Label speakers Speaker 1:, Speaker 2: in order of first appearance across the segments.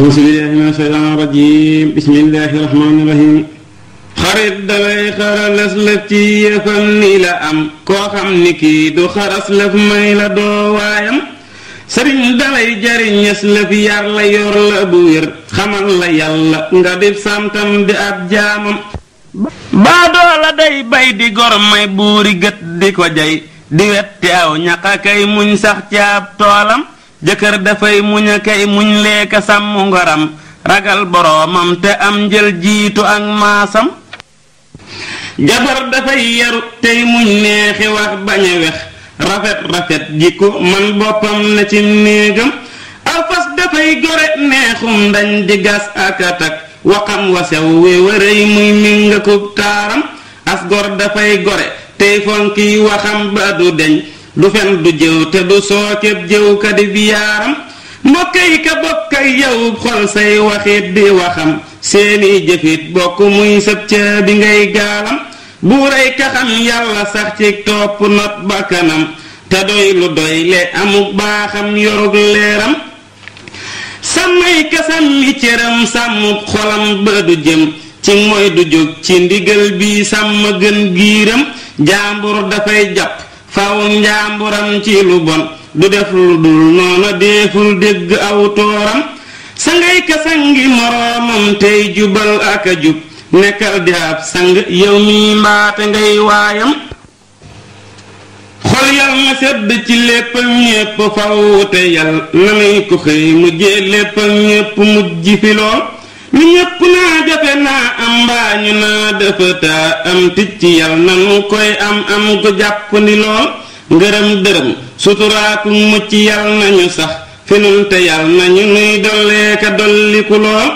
Speaker 1: أعوذ بالله من الشيطان الرجيم بسم الله الرحمن الرحيم xarit dalay xaralas ci yëfal nii la am koo xam ni kii du xaras lëf may la doo waayam sëriñ dalay jariñes lëf yar la yor la bu wér xamal la yàlla nga def samtam di ab jaamam baadoo la day bay di gor may buuri gët di ko jay di wetti aw ñaqa kay muñ sax ci ab toolam jëkkër dafay muñ kay muñ leeka sàmm ngoram ragal boroomam te am njël jiitu ak maasam jabar dafay yaru tey muñ neexi wax bañ a wex rafet rafet jikku man boppam na ci néegam aw dafay gore neexum ndañ di gas ak a takk waxam wasew wi wërëy muy mingakub taaram asgor dafay gore tey fonkiy waxam ba du deñ du fen du jëw te du sookeb jëw kadi bi yaaram mbokkay ka bokkay yow xol say waxit di waxam seeni jëfit bokk muy sëb ca bi ngay gaalam buuray ka xam yàlla sax ci topp not bakkanam te doy lu doy le amuk baaxam yorug leeram sàmmay ka sàmmi cëram sàmmub xolam ba du jëm ci mooy du jóg ci ndigal bi sàmm gën giiram jaambur dafay jàpp faw njaamburam ci lu bon du def lu dul noona déeful dégg aw tooram sangay ka sangi moroomam tey jubal ak a jub nekkal di ab sang yow mi mbaate ngay waayam xol yal na sedd ci léppam ñépp faw te yal na ko xëy mujje léppam ñépp mujj fi ñu ñépp naa defe naa am mbaa ñu naa defetaa am ticc yal na nu koy am am gu jàpp ni lool ngërëm dërëm suturaaku mucc yal nañu sax finul te yal nañu nuy dolliku lool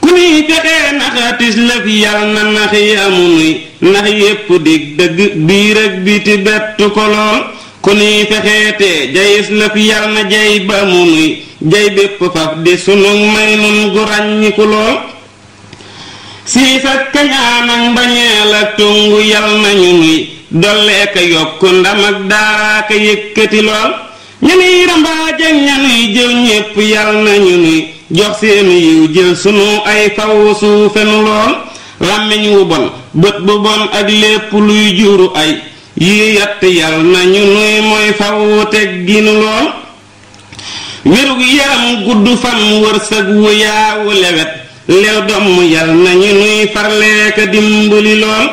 Speaker 1: ku nuy fexee naxatis lëf yal na nax yi amu nuy nax yépp dig dëgg biir ak biti bettu ko lool ku nuy fexee te jayis lëf yal na jay amu nuy jay bépp faf di sunug may nun gu ràññiku lool siis kañaan ak mbañeel ak tungu yal nañu nuy dolleeka yokku ndam ak daaraaka yëkkati lool ñanuy rambaaj ak ñanuy jël ñépp yal nañu nuy jox seenu yiw jël sunu ay faw suufenu lool làmmiñ wu bon bët bu bon ak lépp luy juru ay yi yatt yal nañu nuy mooy faw tegginu lool wérug yaram gudd fan wërsëg wu yaawu lewet lew domm yal nañu nuy farleeka dimbali lool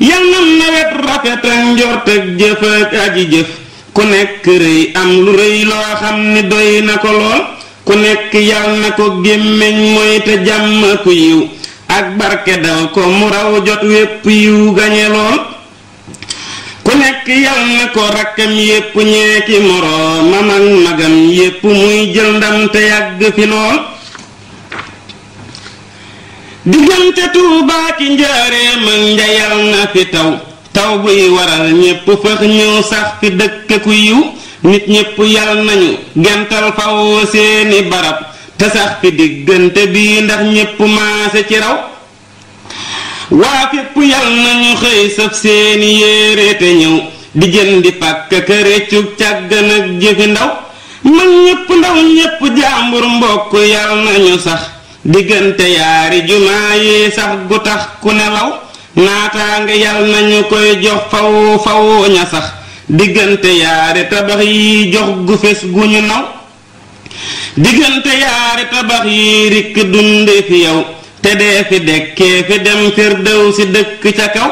Speaker 1: yal na nawet rafet ak njort ak jëf ak aji jëf ku nekk rëy am lu rëy loo xam ni doy na ko lool ku nekk yal na ko gémmiñ mooy te jàmm ku yiw ak barke dal ko mu raw jot wépp yiw gañe lool ku nekk yal na ko rakkam yépp ñeeki moroomam ak magam yépp muy jël ndam te yàgg fi lool diggante Tuubaa ki njaareem ak njayal na fi taw taw buy waral ñépp fëx ñëw sax fi dëkk ku yiw nit ñépp yal nañu gental faw seeni barab te sax fi diggante bii ndax ñépp maase ci raw waa fépp yal nañu xëy saf seeni yéere te ñëw di jën di a këréccug càggan ak jëfi ndaw mag ñépp ndaw ñépp jaambur mbokk yal nañu sax diggante yaari jumaa yi sax gu tax ku nelaw naataange yal nañu koy jox faw faw ña sax diggante yaari tabax yi jox gu fes gu ñu naw diggante yaari tabax yi rikk dunde fi yow te dee fi dekkee fi dem firdew si dëkk ca kaw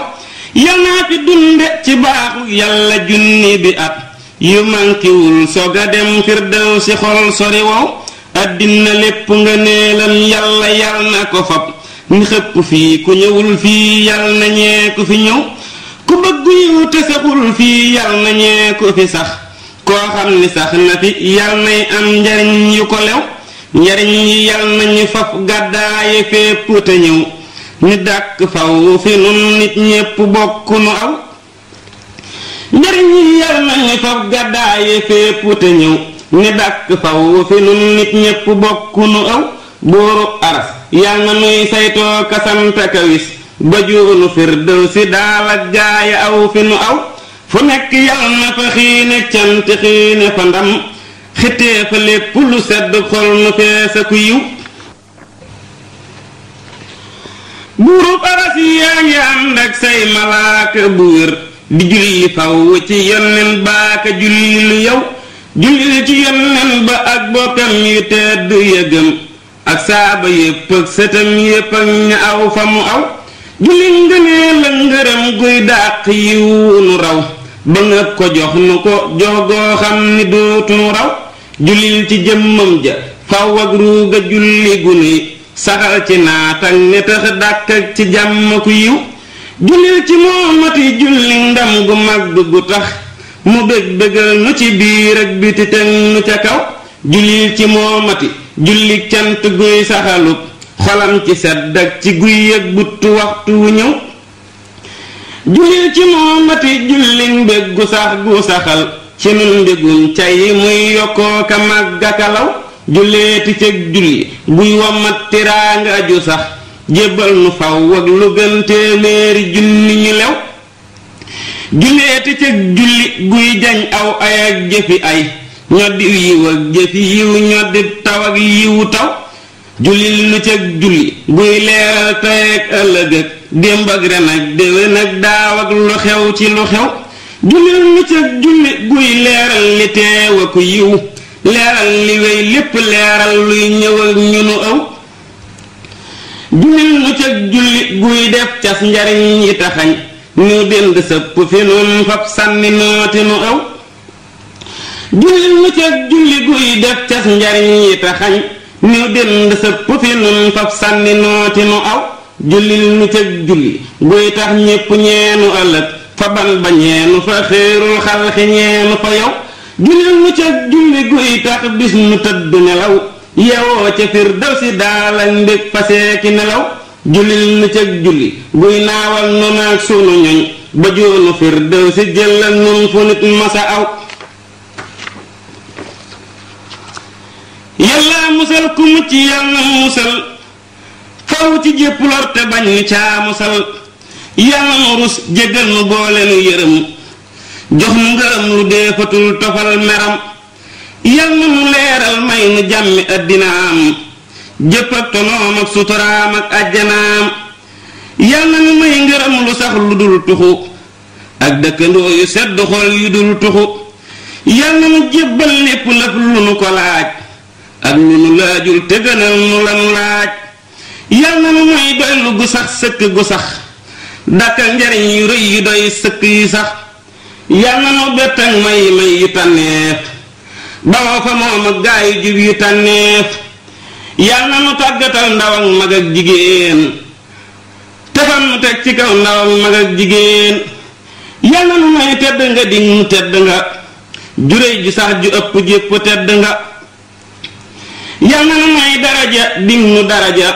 Speaker 1: yal naa fi dunde ci baaxu yàlla junni bi at yu mànkiwul sog a dem firdew si xol sori wow àddina lépp nga neelam yàlla yal na ko fab ni xëpp fii ku ñëwul fii yal na ñee ku fi ñëw ku bëgg yiw te fii yal na ñee ku fi sax koo xam ni sax na fi yal nay am njariñ yu ko lew njariñ yi yal nañu faf gàddaaye fépp te ñëw ñu dàkk faw fi nun nit ñépp bokk nu aw njariñ yi yal nañu faf gàddaaye fépp te ñëw ñu dàkk faw fi nun nit ñépp bokk nu aw buuru aras yal na nuy saytoo kasanta kawis ba juunu firdew si daal ak gaaya aw fi nu aw fu nekk yal na fa xiine cant xiine fa ndam xittee fa lépp lu sedd xol mu fees ak yiw buurub aras yaa ngi ànd ak say malaaka bu wér di julli faw ci yonnen baaka julli lu yow julli ci yonnen ba ak bokkam yu tedd yëgam ak saaba yépp ak sëtam yépp ak ña aw fa mu aw julli ngënee la ngërëm guy dàq yiw nu raw ba nga ko jox nu ko jox goo xam ni dootu nu raw jullil ci jëmmam ja faw ak ruuga julli gu ni saxal ci naatag ne tax dàkk ak ci jàmm ku yiw jullil ci moomati julli ndam mu bëgg bëggal ci biir ak biti ca kaw jullil ci moomati julli cant guy saxalub xolam ci sedd ak ci guy ak buttu waxtu wu ñëw jullil ci moomati julli mbég sax gu saxal ci nun mbégum cay muy yokkoo ka màgga kalaw julleeti cëg julli buy wommat tiraanga aju sax jébbal nu faw ak lu gën téeméeri junni ñu lew julleeti cëg julli guy jañ aw ay ak jëfi ay ñoddi yiw ak jëfi yiw ñoddi taw ak yiwu taw jullil nu cëg julli guy leeral tey ak ëllëg ak démb ak ren ak déwén ak daaw ak lu xew ci lu xew jullil nu ca julli guy yiw leeral li lépp leeral luy ñëwal ñu nu def cas njariñ yi taxañ ñu dend sëpp fi nun fab sànni nooti nu aw jullil nu ca julli guy def cas njariñ yi taxañ ñu dend sëpp fi nun fab sànni nooti nu aw jullil nu ca julli guy tax ñépp ñeenu ëllëg fa ban ba ñeenu fa xéerul xalxi ñeenu fa yow juneel nu ca julli guy tax bis nu tëdd nelaw yewoo ca firdawsi daalañ mbég faseeki nelaw julil nu ca julli guy naawal nu naag sunu ñoñ ba joonu firdawsi jëlal nun fu nit masa aw yàlla musal ku mucc yàlla musal xaw ci jépp lor bañ ni caa musal yàlla nu rus jéggal nu boole nu yërëm jox nu ngërëm lu deefatul tofal meram yal na leeral may nu jàmmi addinaam jëpp ak tonoom ak suturaam ak ajjanaam yal na may ngërëm lu sax lu dul tuxu ak dëkkandoo yu sedd xol yu dul tuxu yal na jébbal lépp lëf lu nu ko laaj ak lu nu laajul te nu la nu laaj yal na may doylu gu sax sëkk gu sax dakkal njariñ yu rëy yu doy sëkk yi sax yal na nu bett may may yu tànneef bawoo fa moom ak gaa yu yu tànneef yal na nu tàggatal ndaw ak mag ak jigéen te fan teg ci kaw ndaw ak mag ak jigéen yal na nu may tedd nga di mu tedd nga juréy ju sax ju ëpp jépp tedd nga yal na nu may daraja di mu daraja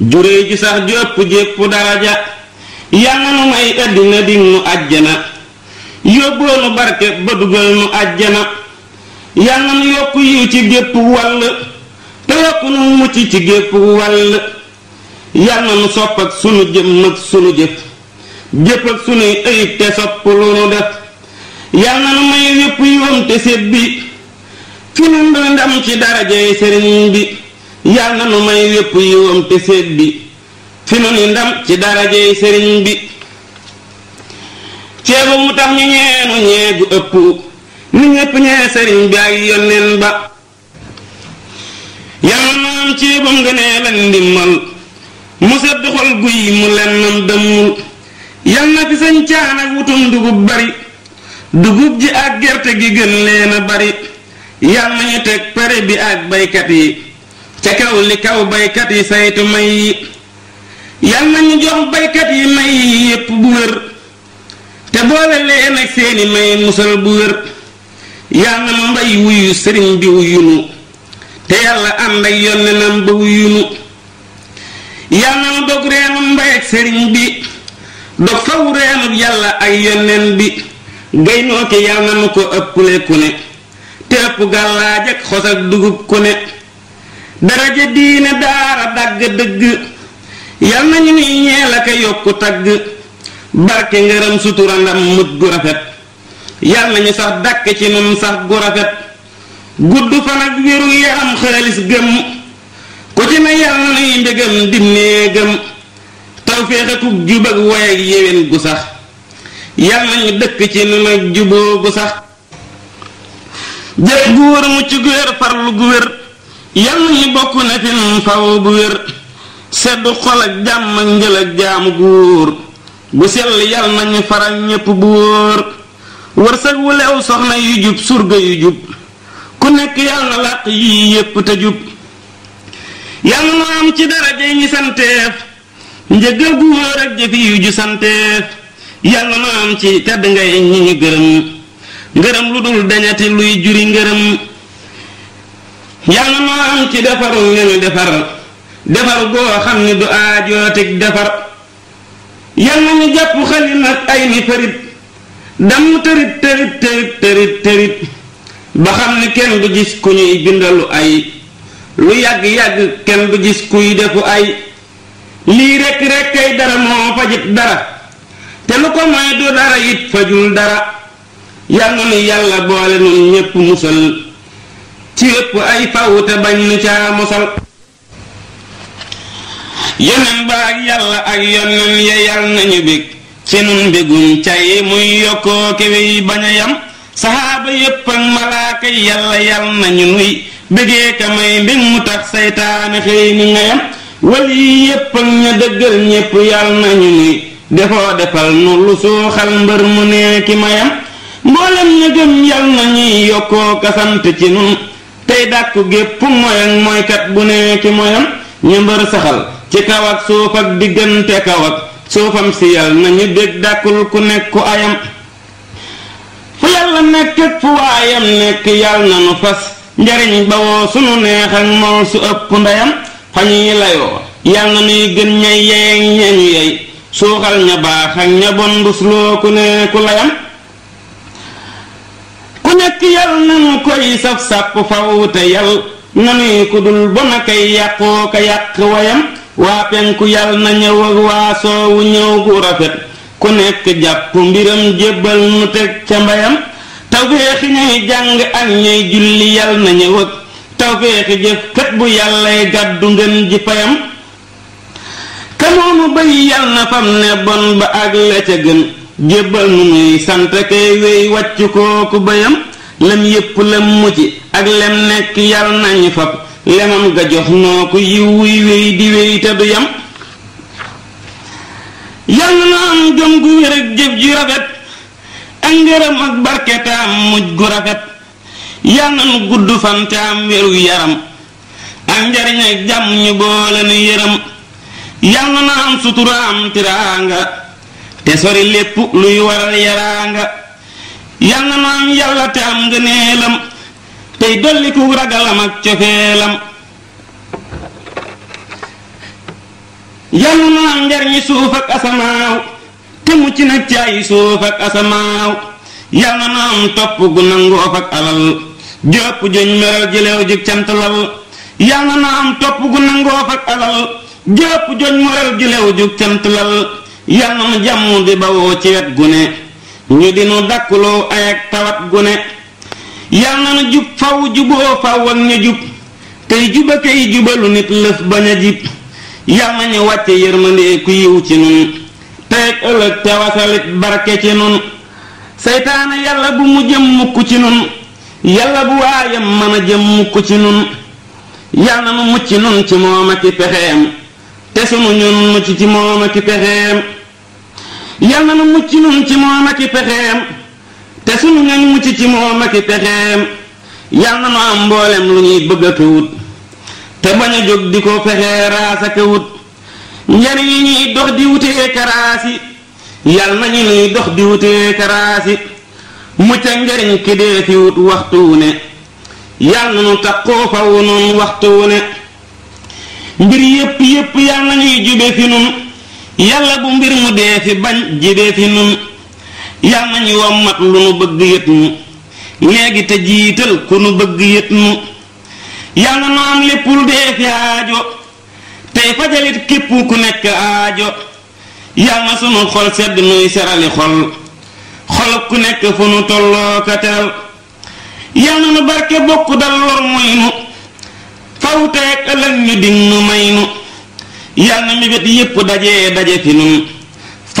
Speaker 1: juréy ju sax ju ëpp jépp daraja yàlla nu may àddina dig nu àjjana yóbboo barke ba dugal nu àjjana yàlla nu yokk yiw ci gépp wàll te yokk nu mucc ci gépp wàll yàlla nu sopp sunu jëmm ak sunu jëf jëf ak sunuy ayib te sopp lu nu def nu may yépp yoom te set bi fi nu ndam ci darajay sëriñ bi yàlla nu may yépp yoom te set bi fi nu ni ndam ci darajey sëriñ bi ceebu mu tax ñu ñeenu ñee gu ëpp ni ñëpp ñee sëriñ bi ak yónneen ba yàlla na am ceebam ngënee lan ndimmal mu sedd xol guy mu lennam dëmmul yàlla na fi sañ caan ak wutum dugub bari dugub ji ak gerte gi gën leen bari yàlla na ñu teg pare bi ak baykat yi ca kaw li kaw baykat yi saytu may yi yal ñu jox baykat yi may yépp bu wér te boole leen ak seeni may musal bu wér yal na ma mbay wuyu sëriñ bi wuyunu te yàlla ànd ak yonnenam ba wuyunu yal na ma dog reenum mbay ak sëriñ bi dog faw reenub yàlla ak yonnen bi gaynoo ki yal na ma ko ëppule ku ne te ëpp gàllaaj ak xos ak dugub ku ne daraja diine daara dàgg dëgg yal nañu nuy ñeel aka yokku tagg barke ngërëm sutura mut gu rafet yal nañu sax dàkk ci nun sax gu rafet gudd fan ak wéru yaram xaalis gëm ku ci na yal na nuy mbégam dimnee gëm tawféex akuk jub ak woy ak gu sax yal nañu dëkk ci nun ak juboo gu sax jëf gu wër mucc gu wér farlu gu wér yal nañu bokk na fi faw bu wér sedd xol ak jàmm ak njël ak jaamu góor bu sell yal nañu faral ñépp bu wóor wërsëg wu leew soxna yu jub surga yu jub ku nekk yal na làq yii yépp te jub na am ci daraja yi santeef njëgal gu wóor ak jëfi yu ju santeef yal na am ci tedd ngay ñi ñu gërëm ngërëm lu dul dañati luy juri ngërëm yal na am ci defar ngeen defar defar goo xam ne du aajootig defar yal nañu jàpp xali nag ay ni farit damm tërit tërit tërit tërit ba xam ne kenn du gis ku ñuy bindalu ay lu yàgg-yàgg kenn du gis kuy defu ay lii rekk rekk kay dara moo fajit dara te lu ko may du dara it fajul dara yal na nu yàlla boole nun ñépp musal ci yépp ay faw te bañ nu caa musal yónneen ba ak yàlla ak yónneen ya yàll nañu bég ci nun mbégum cay muy yokkoo kéwéy bañ a yam saxaaba yépp ak malaaka yàlla yàll nañu nuy bégee ka may mbég mu tax saytaane xëy ni ngayam wali yi yépp ña dëggal ñépp yàll nañu nuy defoo defal nu lu suuxal mbër mu nee mayam mboolem ña gëm yàll nañuy yokkoo ka sant ci nun tey dàkku gépp mooy mooykat bu nee ki moyam mbër saxal ci kaw ak suuf ak diggante kaw suufam si yal na ñu dégg dàkkul ku nekk ayam fu yàlla nekk fu waayam nekk yal na nu fas njariñ ba woo neex ak moom su ëpp ndeyam xañuy layoo yal na nuy gën ñay yeeg ñañu yey suuxal ña baax ak ña bon ku ne ku layam ku nekk yal na nu koy saf sàpp faw te yal na nuy ku bon a kay yàqoo ka yàq wayam waa penku yàlla na ñëw ak waa soowu ñëw gu rafet ku nekk jàpp mbiram jébbal nu teg ca mbayam tawféexi ñuy jàng ak ñuy julli yàlla na tawféexi jëf kat bu yàllay gàddu ngeen ji fayam kanoonu bay yàlla na fam bon ba ak la ca gën jébbal nu nuy sant kay wéy wàcc kooku bayam lem yépp lem mucc ak lem nekk yàlla nañu fab lemam ga jox noo ko yiw wéy di wéy te yam yàlla na am gëm gu wér ak jëf ju rafet ak ngërëm ak barke am mujj gu rafet yàlla nu gudd fan te am wéru yaram ak njariñ ak jàmm ñu boole nu yërëm yàlla na am sutura am tiraanga te sori lépp luy waral yaraanga yàlla na am yàlla te am ngëneelam tey dolli ku ragalam ak cofeelam yàlla na am njariñi suuf ak asamaaw te mucc nag caayi suuf asamaaw yàlla na am topp gu nangoof alal jëpp joñ meral jëleew jik cantalal yàlla na am topp gu nangoof alal jëpp joñ meral jëleew jik cantalal yàlla na jàmm di bawoo ci wet gu ne ñu dinu dàkkuloo ay ak tawat gu yal na nu jub faw juboo faw ak ña jub tey juba kay jubalu nit lëf bañ a jib yal na ñu wàcce yërmande ku yiw ci nun tey ëllëg te wasalit barke ci nun seytaane yàlla bu mu jëm mukk ci nun yàlla bu waayam mën a jëm mukk ci nun yal na nu mucc nun ci moom ak pexeem te sunu ñun mucc ci moom ak pexeem yal nu mucc nun ci moom ak pexeem te suñu nga ñu mucc ci moom ak i pexeem yal na nu am mboolem lu ñuy bëgg a te bañ a jóg di ko fexee raas ak wut njariñ yi ñuy dox di wutee karaas yi yal na ñu ñuy dox di wutee karaas yi mucc ak njariñ ki dee fi wut waxtu wu ne yal na nu takkoo fa wu nun waxtu wu ne mbir yépp yépp yal na ñuy jube fi nun yàlla bu mbir mu dee fi bañ jibee fi nun yal nañu wommat lu nu bëgg yët nu léegi te jiital ku nu bëgg yët nu yàlla nu am lépp dee fi aajo tey fajalit képp ku nekk aajo yal na sunu xol sedd nuy serali xol xolub ku nekk fu nu tolloo ka nu barke bokk dal lor muy nu faw tey ëllëg ñu din nu may nu yal mébét yépp daje daje fi nun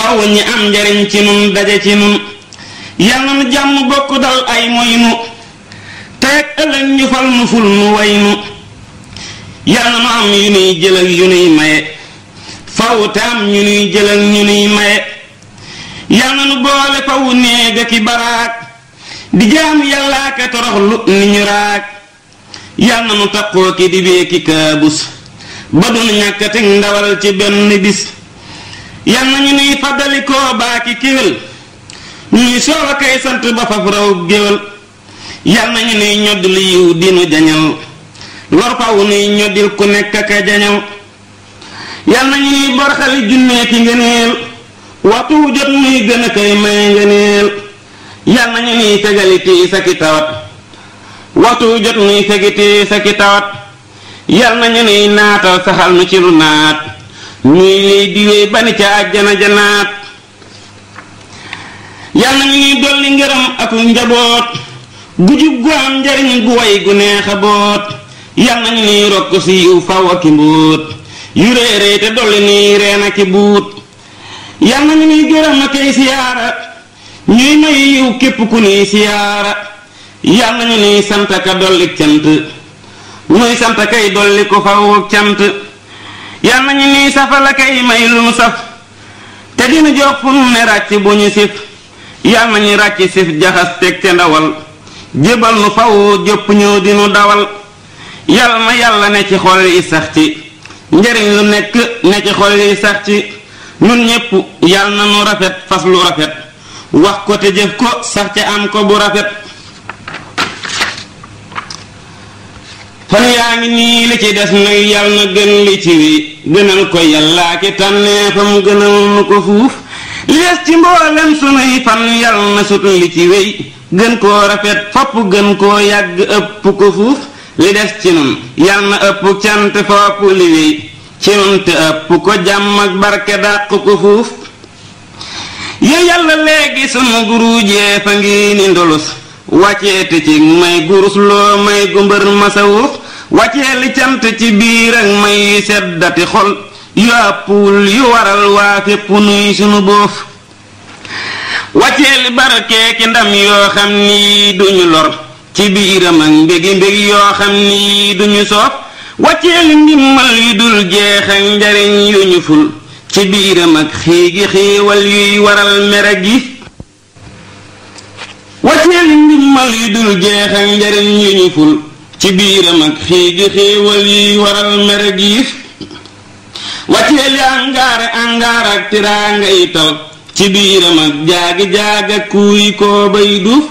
Speaker 1: faw ñi am njariñ ci nun daje ci nun yal na nu jàmm bokk dal ay moy nu teeg ëllëg ñu fal nu ful nu way nu yal na nu am yu nuy jëlëg yu nuy maye faw te am ñu nuy jëlëg ñu nuy maye yal na nu boole faw néega ki baraag di jaam yàllaa ka toroxlu ni ñu raag yal na nu taqoo ki dibee ki kaabus ba dun ñàkk teg ndawal ci benn bis yal na ñu nuy faddalikoo baaki kiwil ñu nuy soola kay sant ba faf raw géwal yal na ñu nuy ñodd lu yiw dinu jañal lor fawu nuy ñoddil ku nekk ak a jañal yal na ñu nuy barxali junnee ki ngeneel waxtu wu jot nuy gën a koy may ngeneel yal na ñu nuy fegaliti sa ki tawat waxtu wu jot nuy fegiti sa ki tawat yal na ñu nuy naatal saxal nu ci lu naat ñii lay diwee ba ne ca àjjana janaat yàlla mi ngi dolli ngërëm ak njaboot gu jub gu am njariñ gu way gu neex a boot ñu nuy rokk si yu faw ak i mbóot yu réeréy te dolli nuy reen ak i buut yàlla ñu nuy gërëm ak ay siyaara ñuy may yiw képp ku nuy siyaara yàlla ñu nuy sant ka dolli cant ñuy sant kay dolli ko faw ak cant yal na ñu safal a kay may lu nu saf te dinu jox fu nu ne ràcc bu ñu sif yal nañu ràcc sif jaxas teg te ndawal jébal nu faw jëpp ñoo dinu dawal yal na yàlla ne ci xol yi sax ci njariñ lu nekk ne ci xol yi sax ci ñun ñépp yal na nu rafet fas lu rafet wax ko te jëf ko sax ca am ko bu rafet fan yaa ngi nii li ci des nag yal na gën li ci wi gënal ko yàlla ki tànneefam gënal nu ko fuuf li des ci mboolem sunuy fan yal na sut ci wéy gën koo rafet fopp gën koo yàgg ëpp ko fuuf li des ci nun yal na ëpp cant fopp li wéy ci nun te ëpp ko jàmm ak barke dàq ko fuuf ya yàlla léegi sunu guruujee fa ngi ni ndolus wàcceete ci may gurus loo may gumbar masawuf wacceeli cant ci biir ak may yu seddati xol yu àppul yu waral waa fépp nuy sunu boof wacceeli barakeeki ndam yoo xam ni duñu lor ci biiram ak mbégi mbégi yoo xam ni duñu soof wacceeli ndimmal yu dul jeex ak njariñ yu ñu ful ci biiram ak xiigi xiiwal yuy waral mere gi wacceeli ndimmal yu dul jeex ak njariñ yu ñu ful ci biiram ak xii gi xéewal yi waral mere giif wàcceel yi angaar angaar ak tiraanga yi ci biiram ak jaagi jaaga kuuy koo bay duuf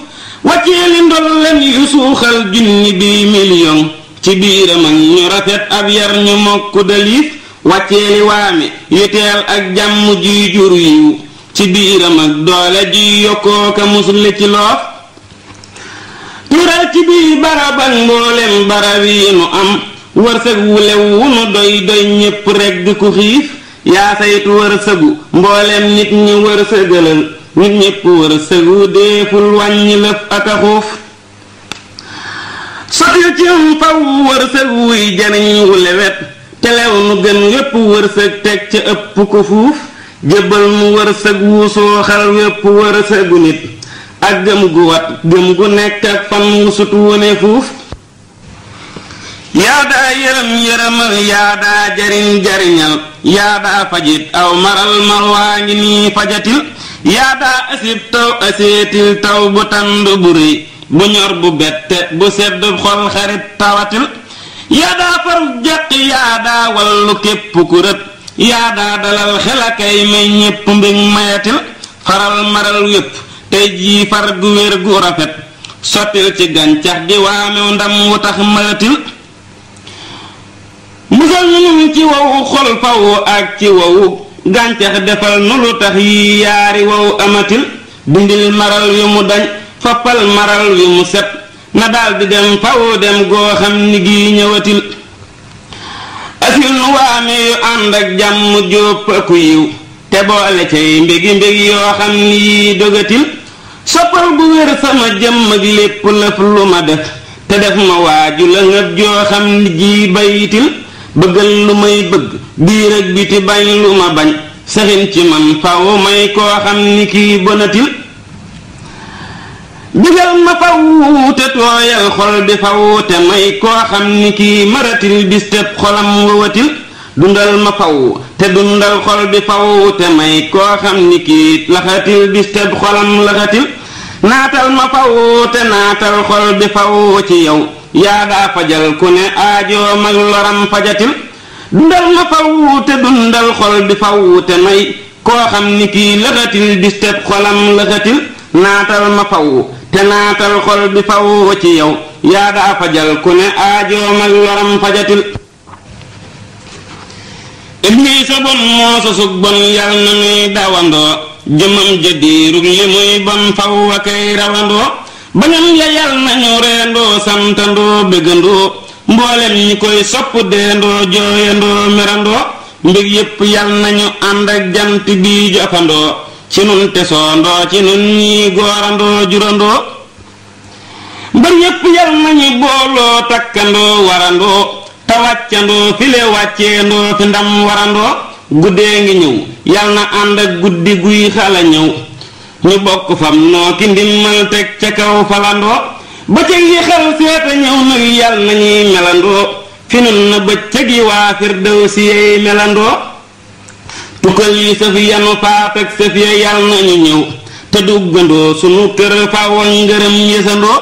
Speaker 1: wàcceel yi ndolleen yu suuxal junni bi million ci biiram ak ñu rafet ab yar ñu mokk daliif wàcceel yi waame yu teel ak jàmm juy jur yiw ci biiram ak doole juy yokkoo ka musle ci loof tural ci biir barab ak mboolem barab yi nu am wërsëg wu lew wu nu doy doy ñépp rekk di ku xiif yaa saytu wërsëgu mboolem nit ñi wërsëgalal nit ñépp wërsëgu deeful wàññi ak a xuuf sotti ci am faw wërsëg wuy jariñ wu lewet te lew nu gën wépp wërsëg teg ca ëpp ko fuuf jébbal nu wërsëg wu sooxal wépp wërsëgu nit ak gëm gu wat gëm gu nekk ak fan wu sut fuuf yaa yërëm yërëmal yaa jariñ jariñal yaa fajit aw maral mar waa ngi nii fajatil yaa daa taw aseetil taw bu tànd bu rëy bu ñor bu bette bu sedd xol xarit tawatil yaa daa faru jàq wallu képp ku rët yaa dalal xel akay may ñépp mbig mayatil faral maral yépp tey jii far gu wér gu rafet sottil ci gàncax gi waamew ndam wu tax mëtil musal ñu ci wow xol faw ak ci wow gàncax defal nu lu tax yi yaari wow amatil dindil maral wi mu dañ fappal maral wi mu set na daldi dem faw dem goo xam ni gi ñëwatil asil nu waame yu ànd ak jàmm jóob ak yiw te boole cay mbégi mbég yoo xam ni yi dogatil soppal bu wér sama jëmm ak lépp lëf lu ma def te def ma waaju la ngëb joo xam ni ji bayitil bëggal lu may bëgg biir ak biti bañ lu ma bañ saxin ci man faw may koo xam ni kii bonatil dundal ma faw te dundal xol bi faw te may koo xam ni kii laxatil bis te xolam laxatil naatal ma faw te naatal xol bi faw ci yow yaa daa fajal ku ne aajoom ak fajatil dundal ma faw te dundal xol bi faw te may koo xam ni kii lëxatil bis xolam lëxatil naatal ma faw te naatal xol bi faw ci yow yaa daa fajal ku ne aajoom ak fajatil ibliisa bon moo sosug bon yal na nuy dawandoo jëmam ja diirug li muy bam faw kay rawandoo bañam ya yal nañu reendoo samtandoo bëggandoo mboolem ñi koy sopp deendoo jooyandoo merandoo mbir yépp yal nañu ànd ak jant bi jofandoo ci nun tesoondoo ci nun ñii goorandoo jurandoo mbër yépp yal nañu booloo takkandoo warandoo tawàccandoo file wàcceendoo fi ndam warandoo guddee ngi ñëw yal na ànd ak guddi guy xala ñëw ñu bokk fam noo ki ndimmal teg ca kaw falandoo bëccëg yi xel seeta ñëw nag yal na ñuy melandoo fi nun na bëccëg yi waa firdawsi yey melandoo tukkal yi saf yanu faat ak saf yal nañu ñëw te sunu tër fawa ngërëm yësandoo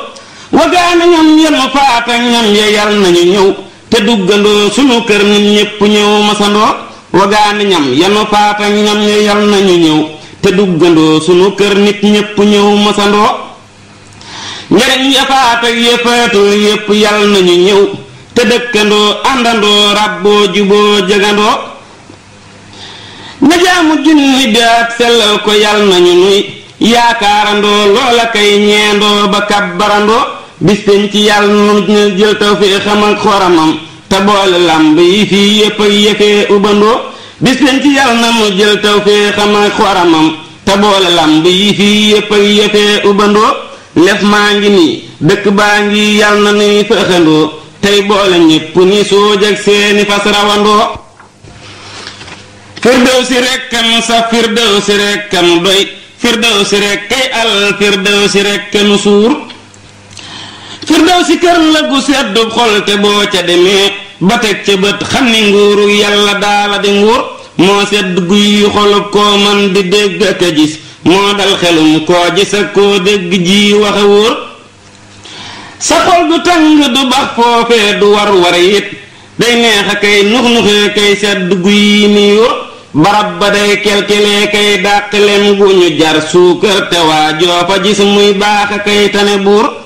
Speaker 1: wagaana ñam yanu faat ak ñam yal nañu ñëw te duggandoo sunu kër nit ñépp ñëw masandoo wagaani ñam yanu paata ñam ya yal nañu ñëw te duggandoo sunu kër nit ñépp ñëw mosandoo njariñ ya yëfaatul yépp yal nañu ñëw te dëkkandoo àndandoo ràbboo juboo jegandoo na jaamu junni bi ak sellal ko yal nañu nuy yaakaarandoo loola kay ñeendoo ba kàbbarandoo bis ci yàlla nu jël tawfeexam ak xoramam te boole làmb yi fii yépp ay yëfee ubandoo bis leen ci yàlla na mu jël taw fee ak xoramam te boole làmb yi fii yépp ay ubandoo lef maa ngi nii dëkk baa ngi yàlla na nuy fëxandoo tey boole ñépp ni sooj ak seeni fas rawandoo firdew si rekkam sa firdew si rekkam doy firdew si rekk kay al firdew si rekkam suur si kër la gu seddu xol te boo ca demee ba teg ca bët xam ni nguuru yàlla daala nguur moo sedd guy xolub koo man di dégg ak a gis moo dal xelum koo gis ak koo dégg ji wax wóor sa xol du tàng du bax foofee du war war it day neexa kay nux nuxee kay sedd guy ni yóor barab ba day kelkelee kay dàqlem gu ñu jar suukar te waa joofa gis muy baax a kay tane buur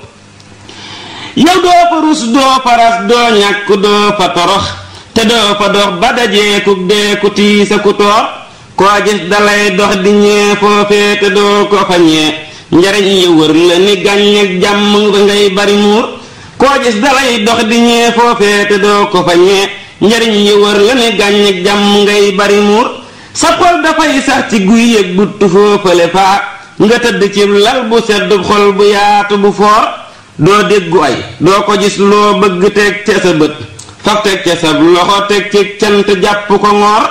Speaker 1: yow doo fa rus doo fa ras doo ñàkk doo fa torox te doo fa dox ba dajeeku deeku tiisa ku toor koo gis dalay dox di ñee foofee te doo ko fa ñee njariñ yi la ni gàññeg jàmm ngay bari muur gis dalay dox di ñee te doo ko fa yi wër la ni gàññeg jàmm ngay bari muur sa xol dafay sax ci guy yëg butt foofale faa nga tëdd ci lal bu sedd xol bu yaatu bu foor doo déggu ay doo ko gis loo bëgg teg ca sa bët faf teg ca sa loxo teg ci cant jàpp ko ngoor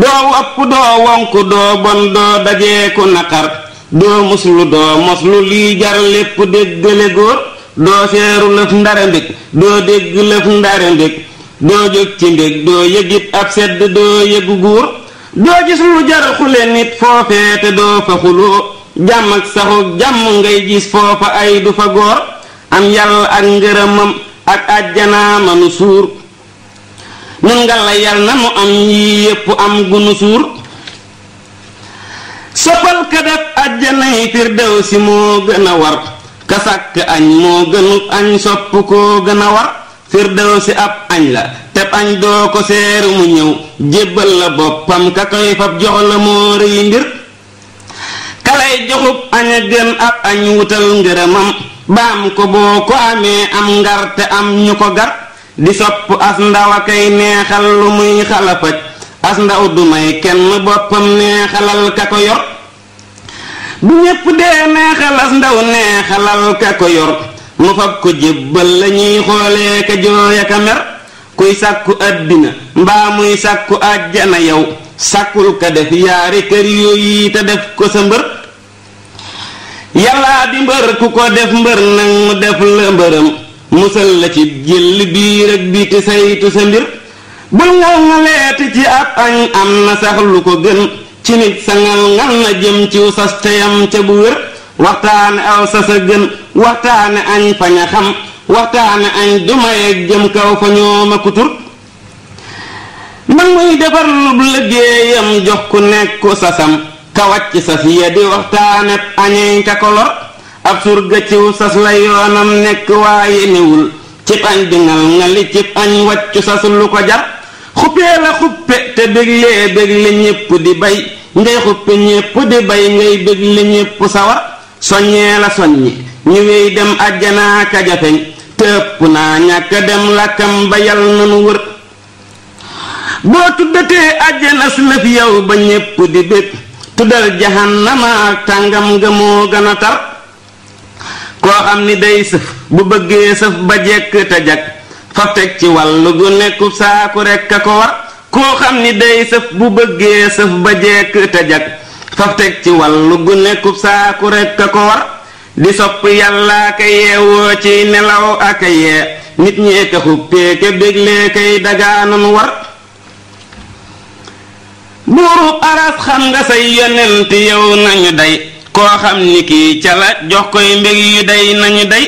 Speaker 1: doo wopp doo wonk doo bon doo dajeeku naqar doo muslu doo moslu lii jar lépp déggale góor doo seeru lëf ndare mbég doo dégg lëf ndare mbég doo jóg ci mbég doo yëgit ab sedd doo yëgu guur doo gis lu jar xule nit foofee te doo fa xuloo jàmm ak saxu jàmm ngay gis foofa ay du fa góor am yàlla ak ngërëmam ak àjjanaa manu suur ñun nga la yal na mu am yii yépp am gunu suur soppal ka def àjjanay firdawsi moo gën a war ka sàkk añ moo gënu añ sopp koo gën a war firdawsi ab añ la teb añ doo ko seeru mu ñëw jébbal la boppam ka koy fab jox la moo kalay joxub aña dem ab añ wutal ngërëmam baam ko boo ko amee am ngar te am ñu ko gar di sopp as ndawa kay neexal lu muy xalafaj as ndaw du may kenn boppam neexalal ka ko yor bu ñépp dee neexal as ndaw neexalal ka ko yor mu fab ko jébbal lañuy xoolee jooy ak a mer kuy sàkku àddina mbaa muy sàkku àjjana yow sàkkul ka def yaari kër yooyu te def ko sa mbër yàllaa di mbër ku ko def mbër nag mu def la mbërëm musal la ci jël biir ak biti saytu sa mbir bul ngal ngaleeti ci ab añ am na sax ko gën ci nit sa ngal ngal na jëm ciw sas te yam ca bu wér waxtaane aw sas a gën waxtaane añ fañ a xam waxtaane añ dumayeeg jëm kaw fa ñoom a kutur man muy defar lub liggéeyam jox ku nekk sasam ka wàcc safiya di waxtaaneb añey ka kolor ab surga ciw sas la yoonam nekk waaye niwul cib añ di ngal ngali cib añ wàccu sas lu ko jar xuppee la xuppe te béglee bégle ñépp di bay ngay xuppe ñépp di bay ngay bégle ñépp sawar soññee la soññi ñu wey dem àjjanaa ka jafeñ te ëpp naa ñàkk dem làkkam ba yal nanu wër boo tuddatee àjjanas la fi yow ba ñépp di bég tuddal jahannama ak tàngam nga moo gën a tar koo xam ni day sëf bu bëggee sëf ba jekk te jag fa teg ci wàllu gu nekkub saaku rekk a ko war koo xam ni day bu bëggee sëf ba jekk te jag fa teg ci wàllu gu a ko ciy nelaw aka yee nit ñee ka xuppee ka béglee kay dagaanun war buurub aras xam nga say yonent yow nañu day koo xam ni kii ca la jox koy mbég yu day nañu day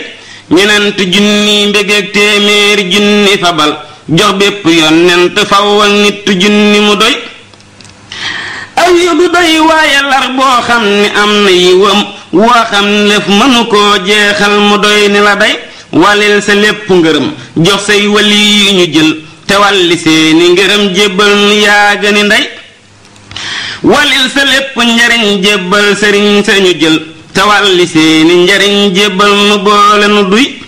Speaker 1: ñenent junni mbégeeg téeméeri junni fabal jox bépp yonent faw nit junni mu doy aw yu du doy waaye lar boo xam ni am na yiwam woo xam lëf mënu koo jeexal mu doy ni la day walil sa lépp ngërëm jox say wali yu ñu jël te walli seeni ngërëm jébbal nu yaa gëni ndey walil sa lépp njariñ jébbal sëriñ sañu jël tawalli seeni njariñ jébbal nu boole nu duy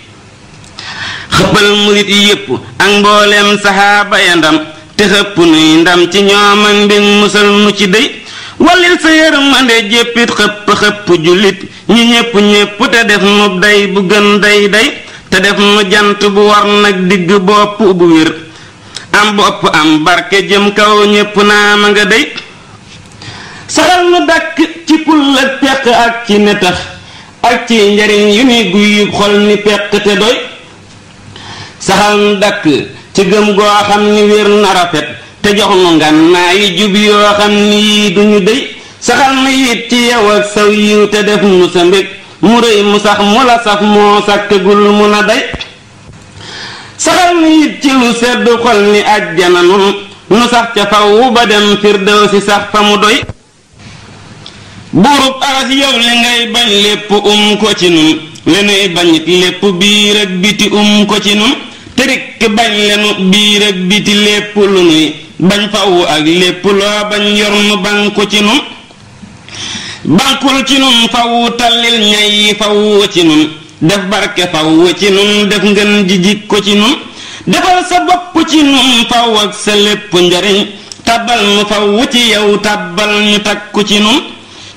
Speaker 1: xëppal murit yi yépp ak mbooleem saxaaba ya ndam te xëpp nuy ndam ci ñoom ak mbég musal nu ci dey walil sa yërmande jéppit xëpp xëpp jullit ñi ñépp ñépp te def nu day bu gën day day te def nu jant bu war nag digg bopp bu wér am bopp am barke jëm kaw ñépp naa ma nga dey saxal nu dàkk ci pul ak peq ak ci netax ak ci njariñ yu ni guy xol ni peq te doy saxal nu dàkk ci gëm goo xam ni wér na rafet te jox nu ngànnaa yi jub yoo xam ni duñu dëy saxal nu it ci yow saw yiw te def mu sa mbég mu rëy mu sax mu la saf moo sàkkagul mu na day saxal nu it ci lu sedd xol ni àjjana nun nu sax ca faw ba dem firdaw si sax fa mu doy buurub aras yow le ngay bañ lépp um ko ci nun lenuy bañit lépp biir biti um ko ci nun tërik bañ lenu biir ak biti lépp lu nuy bañ fawu ak lépp loo bañ yor nu bañ ko ci nun bankul ci nun fawu tallil ñayi fawu ci nun def barke fawu ci nun def ngën ji jikko ci nun defal sa bopp ci nun faw ak sa lépp njariñ tabbal nu fawu ci yow tabbal ñu takku ci nun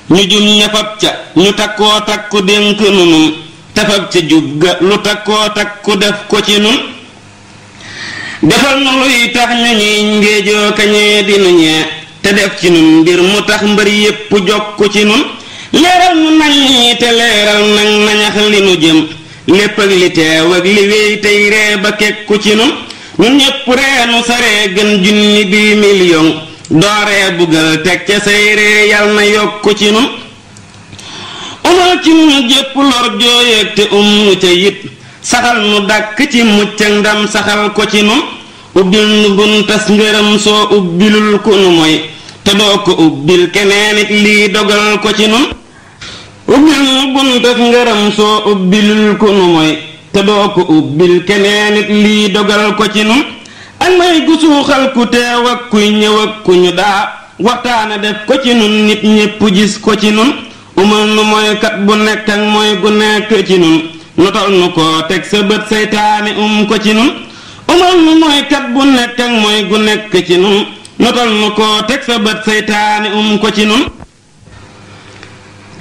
Speaker 1: ñu jum ña ca ñu takkoo takku dénk nu nun ca jub ga lu takkoo takku def ko ci nun defal nu luy tax ñu ñuy ngéejoo kañee dinu ñee te def ci nun mbir mu tax mbër yépp jokku ci nun leeral nu nañ te leeral nag nañax li nu jëm lépp li teew ak li wéy tey ree ba kekku ci nun nun ñépp reenu saree gën junni bii million dooree buggal teg ca sayree yal na yokku ci nun umal ci nun jépp lor jooyeeg te um ca yit saxal nu dàkk ci mucc ak ndam saxal ko ci nun ubbil nu buntas ngërëm soo ubbilul te doo ko ubbil ko ci nun nu buntas ngërëm soo ubbilul ku nu ko ubbil keneen it lii dogal ko ci nun ak may gu suuxal ku teew ak kuy ñëw ku ñu daa waxtaane def ko ci nun nit ñépp gis ko ci nun umal nu mooy kat bu nekk ak mooy gu nekk ci nun notal um nu ko teg sa bët seytaane um ko ci nun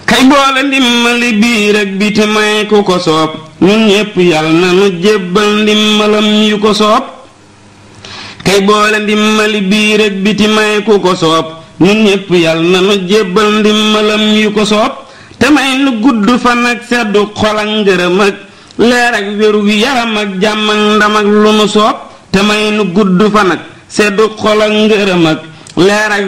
Speaker 1: kay boole ndimmali biir ak biti ku ko soob ñun ñépp yàlla na nu jébbal ndimmalam yu ko soob kay boole ndimmali biir ak biti may ku ko soob ñun ñépp yàlla na nu jébbal ndimmalam yu ko soob te may nu gudd fan ak seddu xol ak ngërëm ak leer ak wéru yaram ak jàmm ak ndam ak lu nu soob te may nu gudd fan ak seddu xol ak ngërëm ak leer ak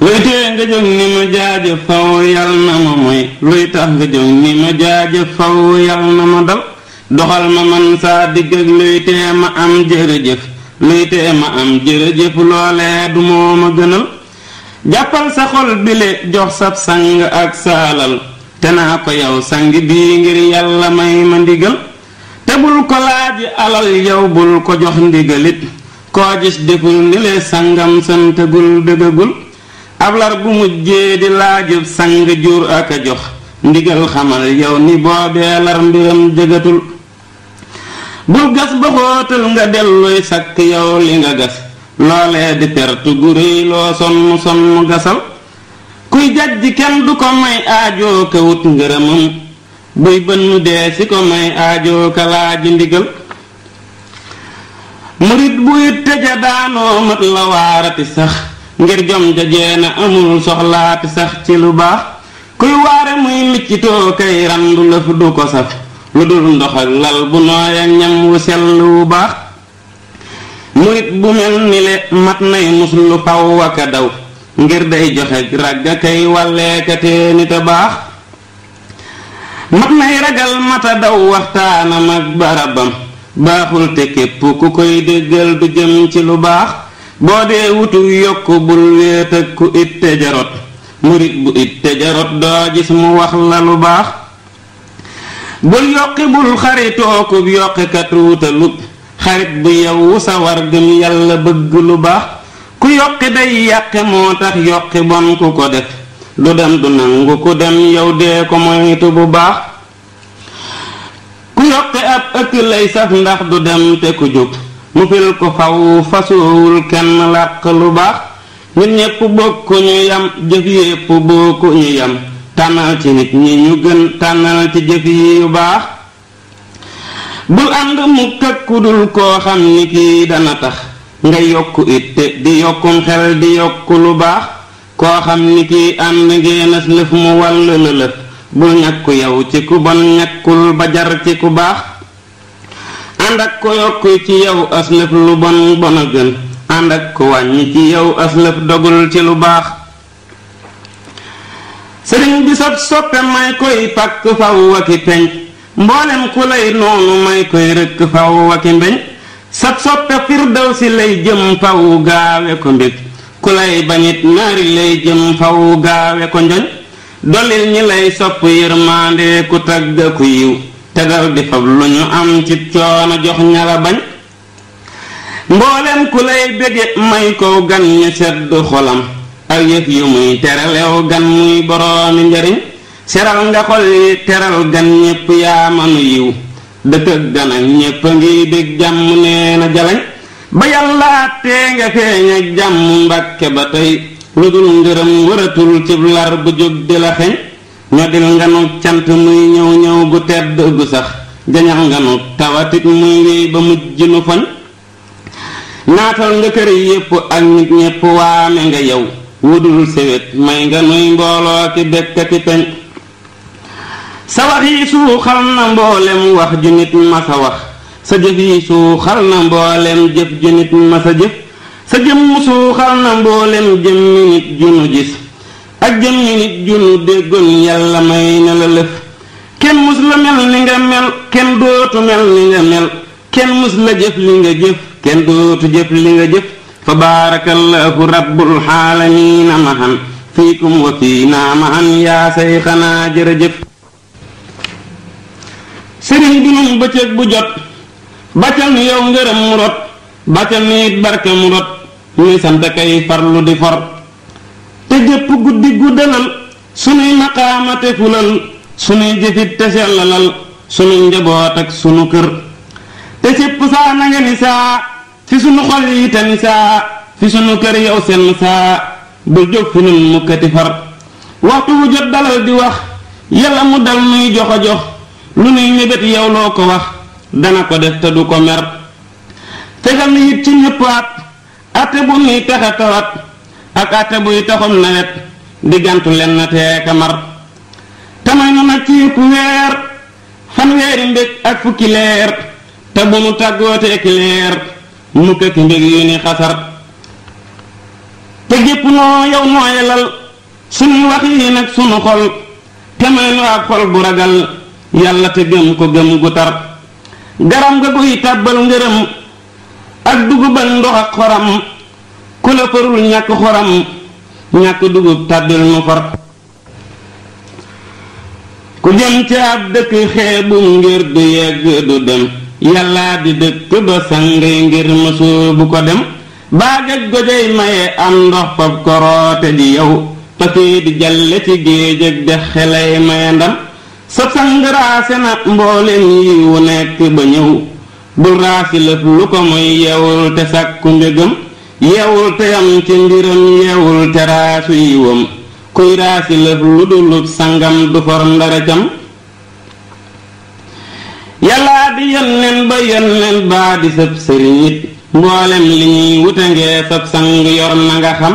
Speaker 1: luy tee nga jóg ni ma jaajëf faw yàlla na ma moy luy tax nga jóg ni ma jaajëf faw yàlla na ma dal doxal ma man saa digg ak ma am jërëjëf luy ma am jërëjëf loolee du moo ma gënal jàppal sa xol bile jox sab sang ak saalal te naa ko yow sang bii ngir yàlla may ma ndigal te bul ko laaji alal yow bul ko jox ndigalit koo gis deful ni le sangam santagul dëgagul ablar bu mujjee di laajib sang jur ak a jox ndigal xamal yow ni boobee lar mbiram jëgatul bul gas ba xóotal nga delluy sakk yow li nga gas loolee di perte gu réy sonn sonn gasal kuy jajji kenn du ko may aajoo ka wut ngërëmam buy bënn dee si ko may aajoo ka ndigal murit buy tëja daanoo mat la waarati sax ngir jom jajee na amul soxlaati sax ci lu baax kuy waare muy miccitoo kay randu du ko saf lu dul ndox ak lal bu nooy ak ñam wu sell wu baax murit bu mel ni le mat nay muslu paw waka daw ngir day joxe ragga kay wàlleekatee nit a baax mat nay ragal mata daw waxtaanam ak barabam baaxul te képp ku koy déggal du jëm ci lu baax boo dee wutu yokk bul wéet ak ku itte jarot murit bu itte jarot doo gis mu wax la lu baax bul yokki bul xaritoo ku yokkikat wutalub xarit bu yow sa war gëm yàlla bëgg lu baax ku yokki day yàqe moo tax yokki bon ku ko def du dem du nangu ku dem yow dee ko moytu bu baax ku yokki ab ëkk lay saf ndax du dem te ku jóg mu fil ko faw fasuwul kenn làq lu baax ñun ñépp bokku ñu yam jëf yépp bokku yam tànnal ci nit ñi ñu gën tànnal ci jëf yi yu baax bul ànd mu kakkudul koo xam ni kii dana tax nga yokku itte di yokkum xel di yokk lu baax koo xam ni kii ànd ngeenas lëf mu wàll la lëf bul ñàkku yow ci ku bon ñàkkul ba jar ci ku baax ànd ak ko yokk ci yow aslëf lu bon bon a gën ànd ak ko wàññi ci yow aslëf dogul ci lu baax sëriñ bi sot soppe may koy pakk faw aki peñ mboolem ku lay noonu may koy rëkk faw aki mbeñ sat soppe firdaw si lay jëm faw gaawe ko mbég ku lay bañit naari lay jëm faw gaawe ko njoñ dolil ñi lay sopp yërmaande ku tagg ku yiw tegal di fab lu ñu am ci coono jox ñala bañ mboolem ku lay bége may ko gan ñu sedd xolam aw yëg yu muy teralew gan muy boroomi njariñ seral nga xol yi teral gan ñépp yaa manu yiw dëkk ak ñépp a ngi dégg jàmm nee na ba yàlla àttee nga feeñ ak jàmm mbàkke ba tey lu ngërëm wëratul cib lar bu jóg di la xeñ ñodil nga nu cant muy ñëw ñëw gu tedd gu sax jañal nga nu tawatit muy wéy ba mujj nu fañ naatal nga kër yépp ak ñépp waame nga yow wudul séwét may nga nuy mbooloo ki bekkati peñ sa wax yi suuxal na mboolem wax ju nit ma wax sa jëf yi suuxal na mboolem jëf ju nit masa jëf sa jëmm suuxal na mboolem jëm mi nit ju nu gis ak jëm mi nit ju nu déggoon yàlla may na la lëf kenn mus la mel ni nga mel kenn dootu mel ni nga mel kenn mus la jëf li nga jëf kenn dootu jëf li nga jëf فبارك الله رب العالمين معا فيكم وفينا معا يا شيخنا jërëjëf sëriñ bi nun bëccëg bu jot bàccal ni yow ngërëm mu rot bàccal ni it barke mu rot ñuy sant kay farlu di for te jëpp guddi guddalal sunuy maqaamate fulal sunuy jëfit te sellalal sunuy njaboot ak sunu kër te sépp saa nga ni fi sunu xol yi itam saa fi sunu kër yow seen saa bul jóg fi nun mukkati far waxtu wu jot dalal di wax yàlla mu dal nuy jox a jox lu nuy mébét yow loo ko wax dana ko def te du ko mer fegal na ci ñëpp at bu nuy taxa tawat ak atte buy taxam nawet di gantu len na teeka mar tamay nu nag ku weer fanweeri mbég ak fukki leer te bu mu tàggooteeki leer mu këkk yu ni xasar te gépp noo yow nooyalal sunu wax yi nag sunu xol te may nu ak xol bu ragal yàlla te gëm ko gëm gu garam nga guy tàbbal ngërëm ak dugubal ndox ak xoram ku la farul ñàkk xoram ñàkk dugub tàbbil nu far ku jëm ci ab dëkk xeebu ngir du yegg du dem yàllaa di dëkk ba sangi ngir mësu bu ko dem baagaj gojey maye am ndox fab koroote ji yow tafii di jalle ci géej ak dex xelay maye ndam sa sang raase na mboolem yi nekk ba ñëw bul raasi lëf lu ko muy yeewul te sàkku njëgam yeewul te am ci mbiram yeewul te raasu yiwam kuy raasi lëf lu dulub sangam du for ndaracam yàllaa di yónneen ba yónneen baa di sëb sëriñ it mboolem li ñuy wute ngee sab sang yor na nga xam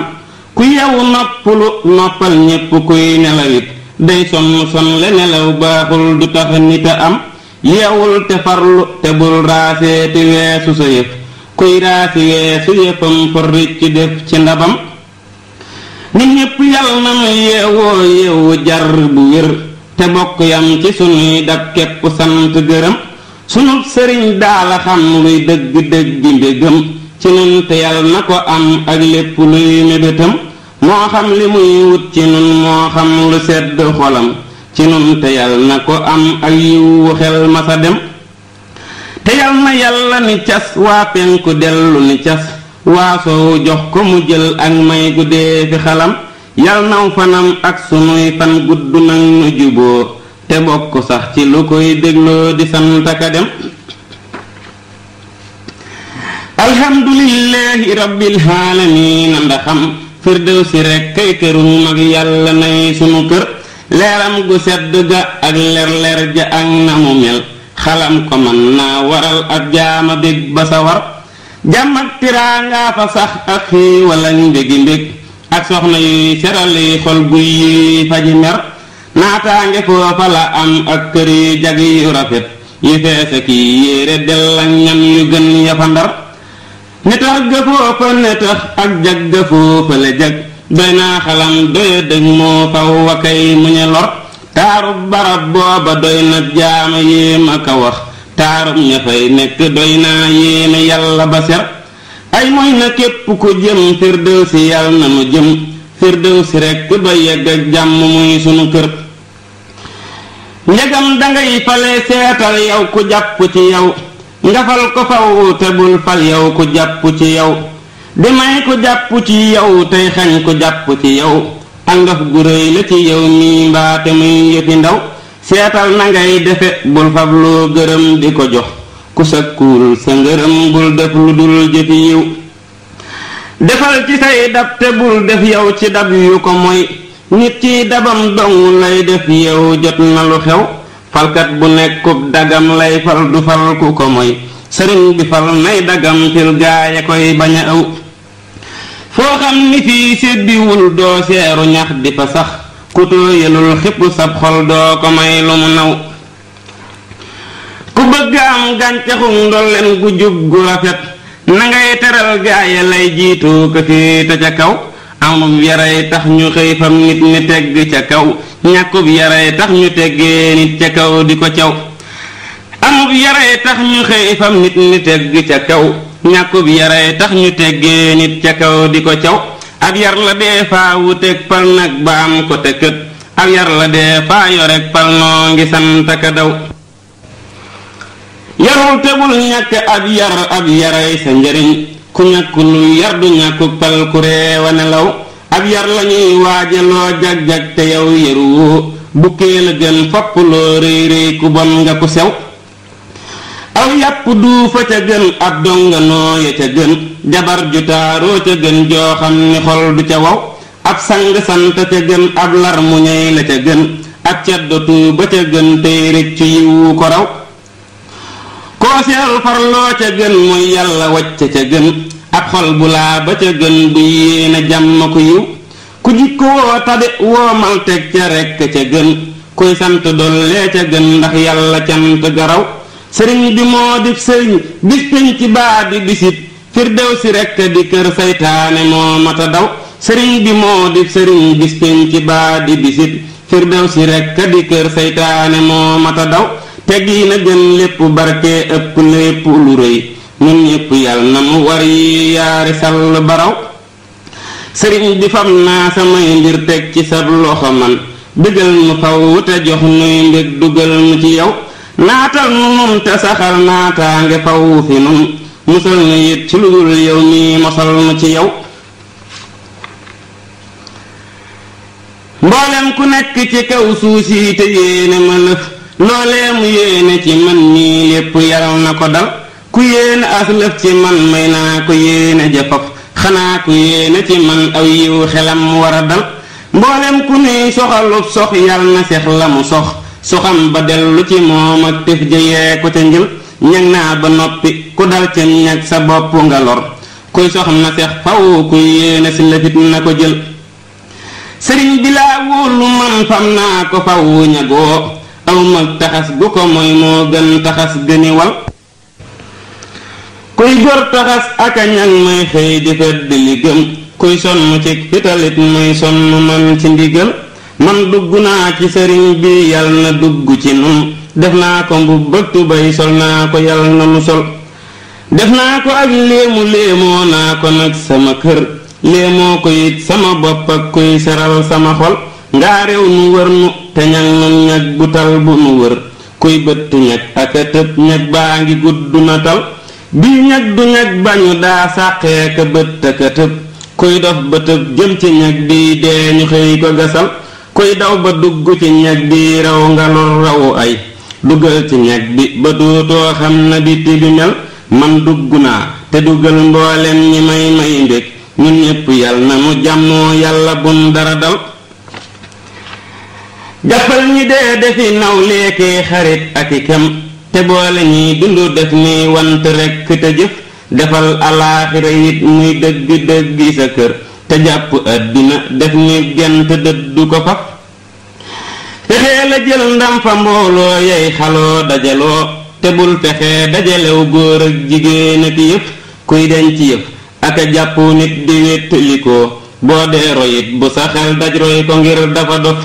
Speaker 1: ku yewu noppalu noppal ñépp kuy nelaw day sonn sonn le nelaw baaxul du tax nit a am yeewul te farlu te bul raasee te weesu sa yëf kuy raasi weesu yëfam forrit ci def ci ndabam nit ñépp yàlla na nu yeewoo yeewu jar bu wér te bokk yam ci sunuy dab képp sant gërëm sunub sëriñ daala xam luy dëgg-dëgg mbégam ci nun te na ko am ak lépp luy mébétam moo xam li muy wut ci nun moo xam lu sedd xolam ci nun te na ko am ak yiwu xel masa dem te yal na yàlla ni cas waa penku dellu ni cas waa soow jox ko mu jël ak may guddee xalam yal naw fanam ak sunuy fan gudd nag nu juboo te bokk sax ci lu koy dégloo di sant ka dem alhamdulillahi rabbil aalamiin ndaxam firdew si rekk kay këru mag yàlla nay sunu kër leeram gu sedd ga ak leer leer ja ak na mu mel xalam ko mën naa waral ak jaama bég ba sawar jàmm ak tiraanga fa sax ak xii wala mbégi mbég ak soxna yuy seral yi xol guy yuy faji mer naataange foofa la am ak kër yu jag yu rafet yu feese kii yéere del ak ñam yu gën ya ne tax ga foofa ne tax ak jag ga foofa la jag doy naa xalam doya dëg moo faw wa muñe lor taarub barab booba doy na jaama yéem ak a wax taarub ña fay nekk doy naa yéeme yàlla ba ser ay mooy na képp ku jëm firdew si yàlla na nu jëm firdew si rekk ba yegg ak jàmm muy sunu kër njegam dangay fale seetal yow ku jàpp ci yow nga fal ko faw te bul fal yow ku jàpp ci yaw di may ku jàpp ci yow tey xañ ku jàpp ci yow angaf gu réy la ci yow mi mbaate muy yëfi ndaw seetal na ngay defe bul fab loo gërëm di ko jox ku sakkuwul sa ngërëm bul def lu dul jëfi yiw defal ci say dab te bul def yow ci dab yu ko moy nit ci dabam dong lay def yow jot na lu xew falkat bu nekkub dagam lay fal du fal ku ko moy sëriñ bi fal nay dagam til gaaya koy bañ a aw foo xam ni fii séddiwul doo seeru ñax di fa sax ku tooyalul xipp sab xol doo ko may lu mu naw ku bëgg am gàncaxum ndolleen gu jub gu rafet na ngay teral gaaya lay jiitu ko féete ca kaw amub yaray tax ñu xëy fam nit ñi tegg ca kaw ñàkkub yaray tax ñu teggee nit ca kaw di ko caw amub yaray tax ñu xëy nit ñi tegg ca kaw ñàkkub yaray tax ñu teggee nit ca kaw di ko caw ab yar la dee faa wuteeg pal nag ba am ko te kët ab yar la dee faa yoreeg pal noo ngi sant ka daw yarul tegul ñàkk ab yar ab yaray sa njariñ ku ñàkk lu yar du ñàkku pal ku reewa nelaw ab yar lañuy waajaloo jag-jag te yow yaruwoo bukkee la gën fopp rëy rëy ku bon nga ku sew aw yàpp duufa ca gën ab donga ca gën jabar ju taaroo ca gën joo xam ni xol du ca waw ab sang sant ca gën ab lar mu ñey la ca gën ak ceddo tuuba ca gën tey rek yiwu ko raw koo seel farloo ca gën muy yàlla wàcc ca gën ab xol bu laa ba ca gën bu yéene jàmm ku yiw ku jikko woo tabe woo teg ca rekk ca gën kuy sant dollee ca gën ndax yàlla cant garaw sëriñ bi moo di sëriñ bis ci baa di bisit firdew si rekk di kër saytaane moo mata daw sëriñ bi moo di sëriñ bis piñ ci baa di bisit firdew si rekk di kër saytaane moo mata daw teg yi na gën lépp barke ëpp lépp lu rëy ñun ñëpp yàlla na mu war yi yaari sàll baraw sëriñ bi fam naa samay mbir teg ci sa loxo man dëggal mu faw te jox nuy mbég dugal mu ci yow naatal nu nun te saxal naataange faw fi nun musal nu yit ci lu dul yow nii mosal nu ci yow mboolem ku nekk ci kaw suusi te yéene ma lëf loolee mu yéene ci man mii lépp yaral na ko dal ku yéene aslëf ci man may naa ko yéene jafaf xanaa ku yéene ci man aw yiw xelam war a dal mboolem ku nuy soxalub sox yal na sex la mu sox soxam ba dellu ci moom ak tëf jëyee ko ca njël ñag naa ba noppi ku dal ca ñag sa bopp nga lor kuy soxam na sex faw ku yéene si na ko jël sëriñ bi laa man fam naa ko faw ñagoo aw mag taxas bu ko mooy moo gën taxas gëniwal kuy gor taxas ak a ñag may xëy di fet di li gëm kuy sonn ci fitalit may sonn man ci ndigal man dugg naa ci sëriñ bi yal na dugg ci nun def naa ko mbu bëttu bay sol naa ko yal na nu sol def naa ko ak léemu léemoo naa ko nag sama kër léemoo ko it sama bopp ak kuy seral sama xol ngaa réew nu wër nu te ñag nun ñag bu tal bu nu wër kuy bëttu ñag aka tëb ñag baa ngi gudd na tal bii ñag du ñag bañu daa sàqee ka bët aka tëb kuy dof ba tëb jëm ci ñag di dee ñu xëy ko gasal kuy daw ba dugg ci ñag di raw nga lor rawu ay dugal ci ñag bi ba dootoo xam na bi mel man dugg naa te dugal mboolem ñi may may mbég ñun ñépp yal na mu jàmmoo yàlla bun dara dal jàppal ñi dee defi naw kee xarit ak i kem te boole ñiy dund def ni want rekk te jëf defal alaaxira it muy dëgg dëggi sa kër te jàpp àddina def ni gent dëddu ko faf fexee la jël ndam fa mbooloo yay xaloo dajaloo te bul fexee dajalewu góor ak jigéen ak yëpp kuy denc yëf ak a jàpp nit di wéttalikoo boo dee royit bu sa xel daj roy ko ngir dafa dof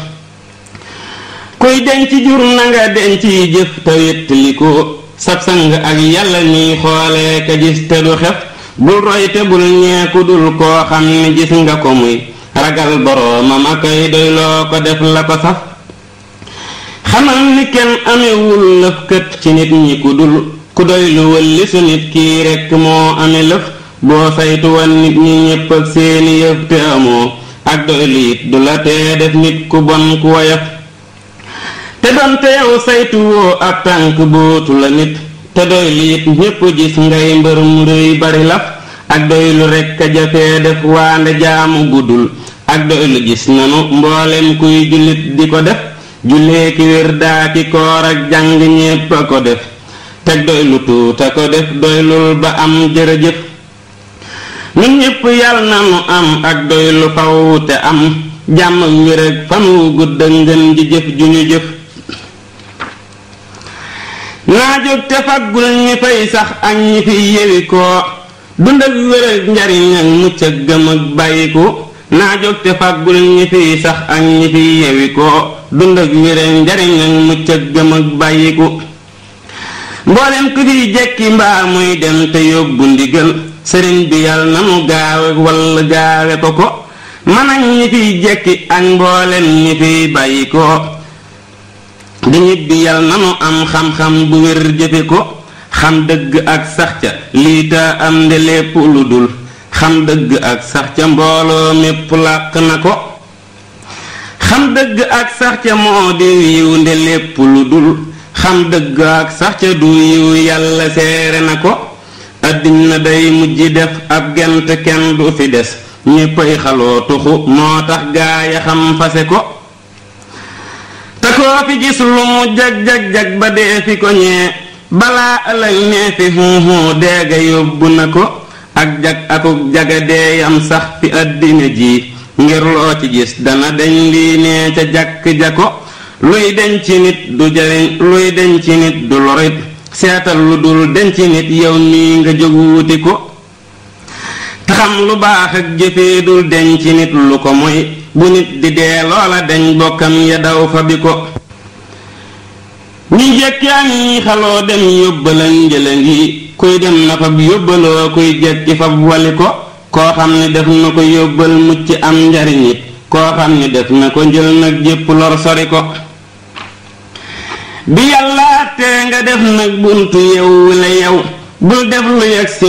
Speaker 1: kuy denc jur na nga denc jëf te wétliku sab sang ak yàlla miy xoolee ka gis te du xef bul roy te bul ñeeku dul koo xam ne gis nga ko muy ragal boroomam a koy doyloo ko def la ko saf xamal ni kenn amewul lëf kët ci nit ñi ku dul ku su nit kii rekk moo ame lëf boo saytuwan nit ñi ñépp seeni yëf te amoo ak doy du la tee def nit ku bon ku woyof te donte yow saytu woo ab tànk bootu la nit te doy liit ñépp gis ngay mbërum rëy bari laf ak doylu rekk a jafee def waande jaamu guddul ak doylu gis nanu mboolem kuy jullit di ko def jullee ki wér daa ki koor ak jàng ñépp a ko def teg doylu tuuta ko def doylul ba am jërëjëf ñun ñépp yàlla nanu am ak doylu faw te am jàmm wér ak fan wu gudd ak ngën ji jëf ju ñu jëf naa jóg te faggul ñi fay sax ak ñi fi yewi koo dund ak wér njariñ ak mucc ak gëm ak bàyyiku naa jóg te faggul ñi fiy sax ak ñi fi yewi koo dund ak wér njariñ ak mucc ak gëm ak bàyyiku mboolem ku fiy jekki mbaa muy dem te yóbbu ndigal sëriñ bi yàlla na mu gaawe walla gaawe ko ko man ak ñi fiy jekki ak mboolem ñi fiy bàyyi nit bi yal nanu am xam-xam bu wér jëfe ko xam dëgg ak sax ca lii am nde lu dul xam dëgg ak sax ca mbooloo na ko xam dëgg ak sax ca di yiw nde lépp lu dul xam dëgg ak sax ca du yiw yàlla seere na ko àddina day mujj def ab gent kenn du fi des ñéppay xaloo tuxu moo tax gaaya xam fase ko koo fi gis lu mu jag-jag-jag ba dee fi ko ñee balaa ëllëg nee fi huuhuu deega yóbbu na ko ak jag akuk jaga dee yam sax fi àddina ji ngir loo ci gis dana deñ lii nee ca jàkk-ja ko luy deñ ci nit du lorit seetal lu dul deñ ci nit yow nii nga jóg wuti ko te lu baax ak jëfee dul deñ ci nit lu ko moy bu nit di dee loola deñ bokkam ya daw fa bi ko ñu jekki ak ñi xaloo dem yóbbala njëla ngi kuy dem na fab yóbbaloo kuy jekki fab wali ko koo xam ne def na ko yóbbal mucc am njariñ it koo xam ne def na ko njël nag jépp lor sori ko bi yàlla attee nga def nag buntu yew la yow bul def lu yegg si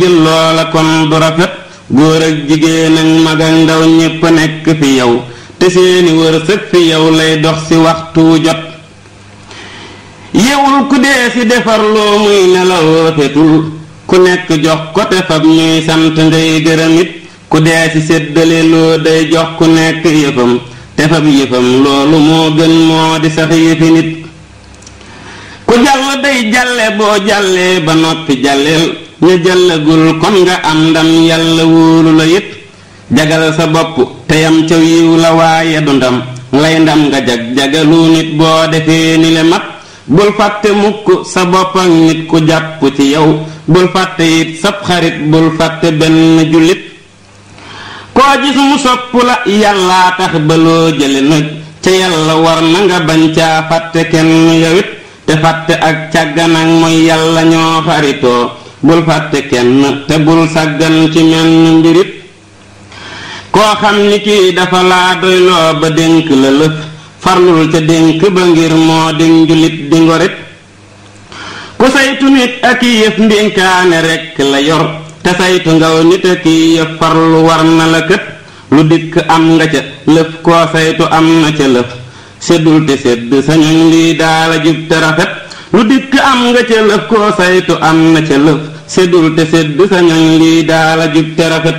Speaker 1: jël loola kon du rafet góor ak jigéen ak mag ak ndaw ñépp nekk fi yow te seeni wërsëg fi yow lay dox ci waxtu jot yewul ku dee ci defar loo muy nelaw rafetul ku nekk jox ko te fab ñuy sant ngay gërëm it ku dee ci séddale loo day jox ku nekk yëfam te fab yëfam loolu moo gën moo di sax yëfi nit ku jàll day jàlle boo jàllee ba noppi jàlleel ña jàllagul kon nga am ndam yàlla wóolu la it jagal sa bopp te yam ca yiw la waaye du ndam lay ndam nga jag jagalu nit boo defee ni le mat bul fàtte mukk sa bopp ak nit ku jàpp ci yow bul fàtte it sab xarit bul fàtte benn jullit koo gis mu sopp la yàllaa tax ba loo jële nag ca yàlla war na nga bañ ca fàtte kenn yowit te fàtte ak càggan ak mooy yàlla ñoo xaritoo bul fàtte kenn te bul sàggan ci menn mbirit koo xam ni kii dafa laa doyloo ba dénk la lëf farlul ca dénk ba ngir moo di njulit di ngorit ku saytu nit ak yëf ndinkaane rekk la yor te saytu ngaw nit ak yëf farlu war na la kët lu dikk am nga ca lëf koo saytu am na ca lëf seddul te sedd sañoñ lii daala jub te rafet lu dikk am nga ca lëf koo saytu am na ca lëf séddul te sédd sañal lii daala jub te rafet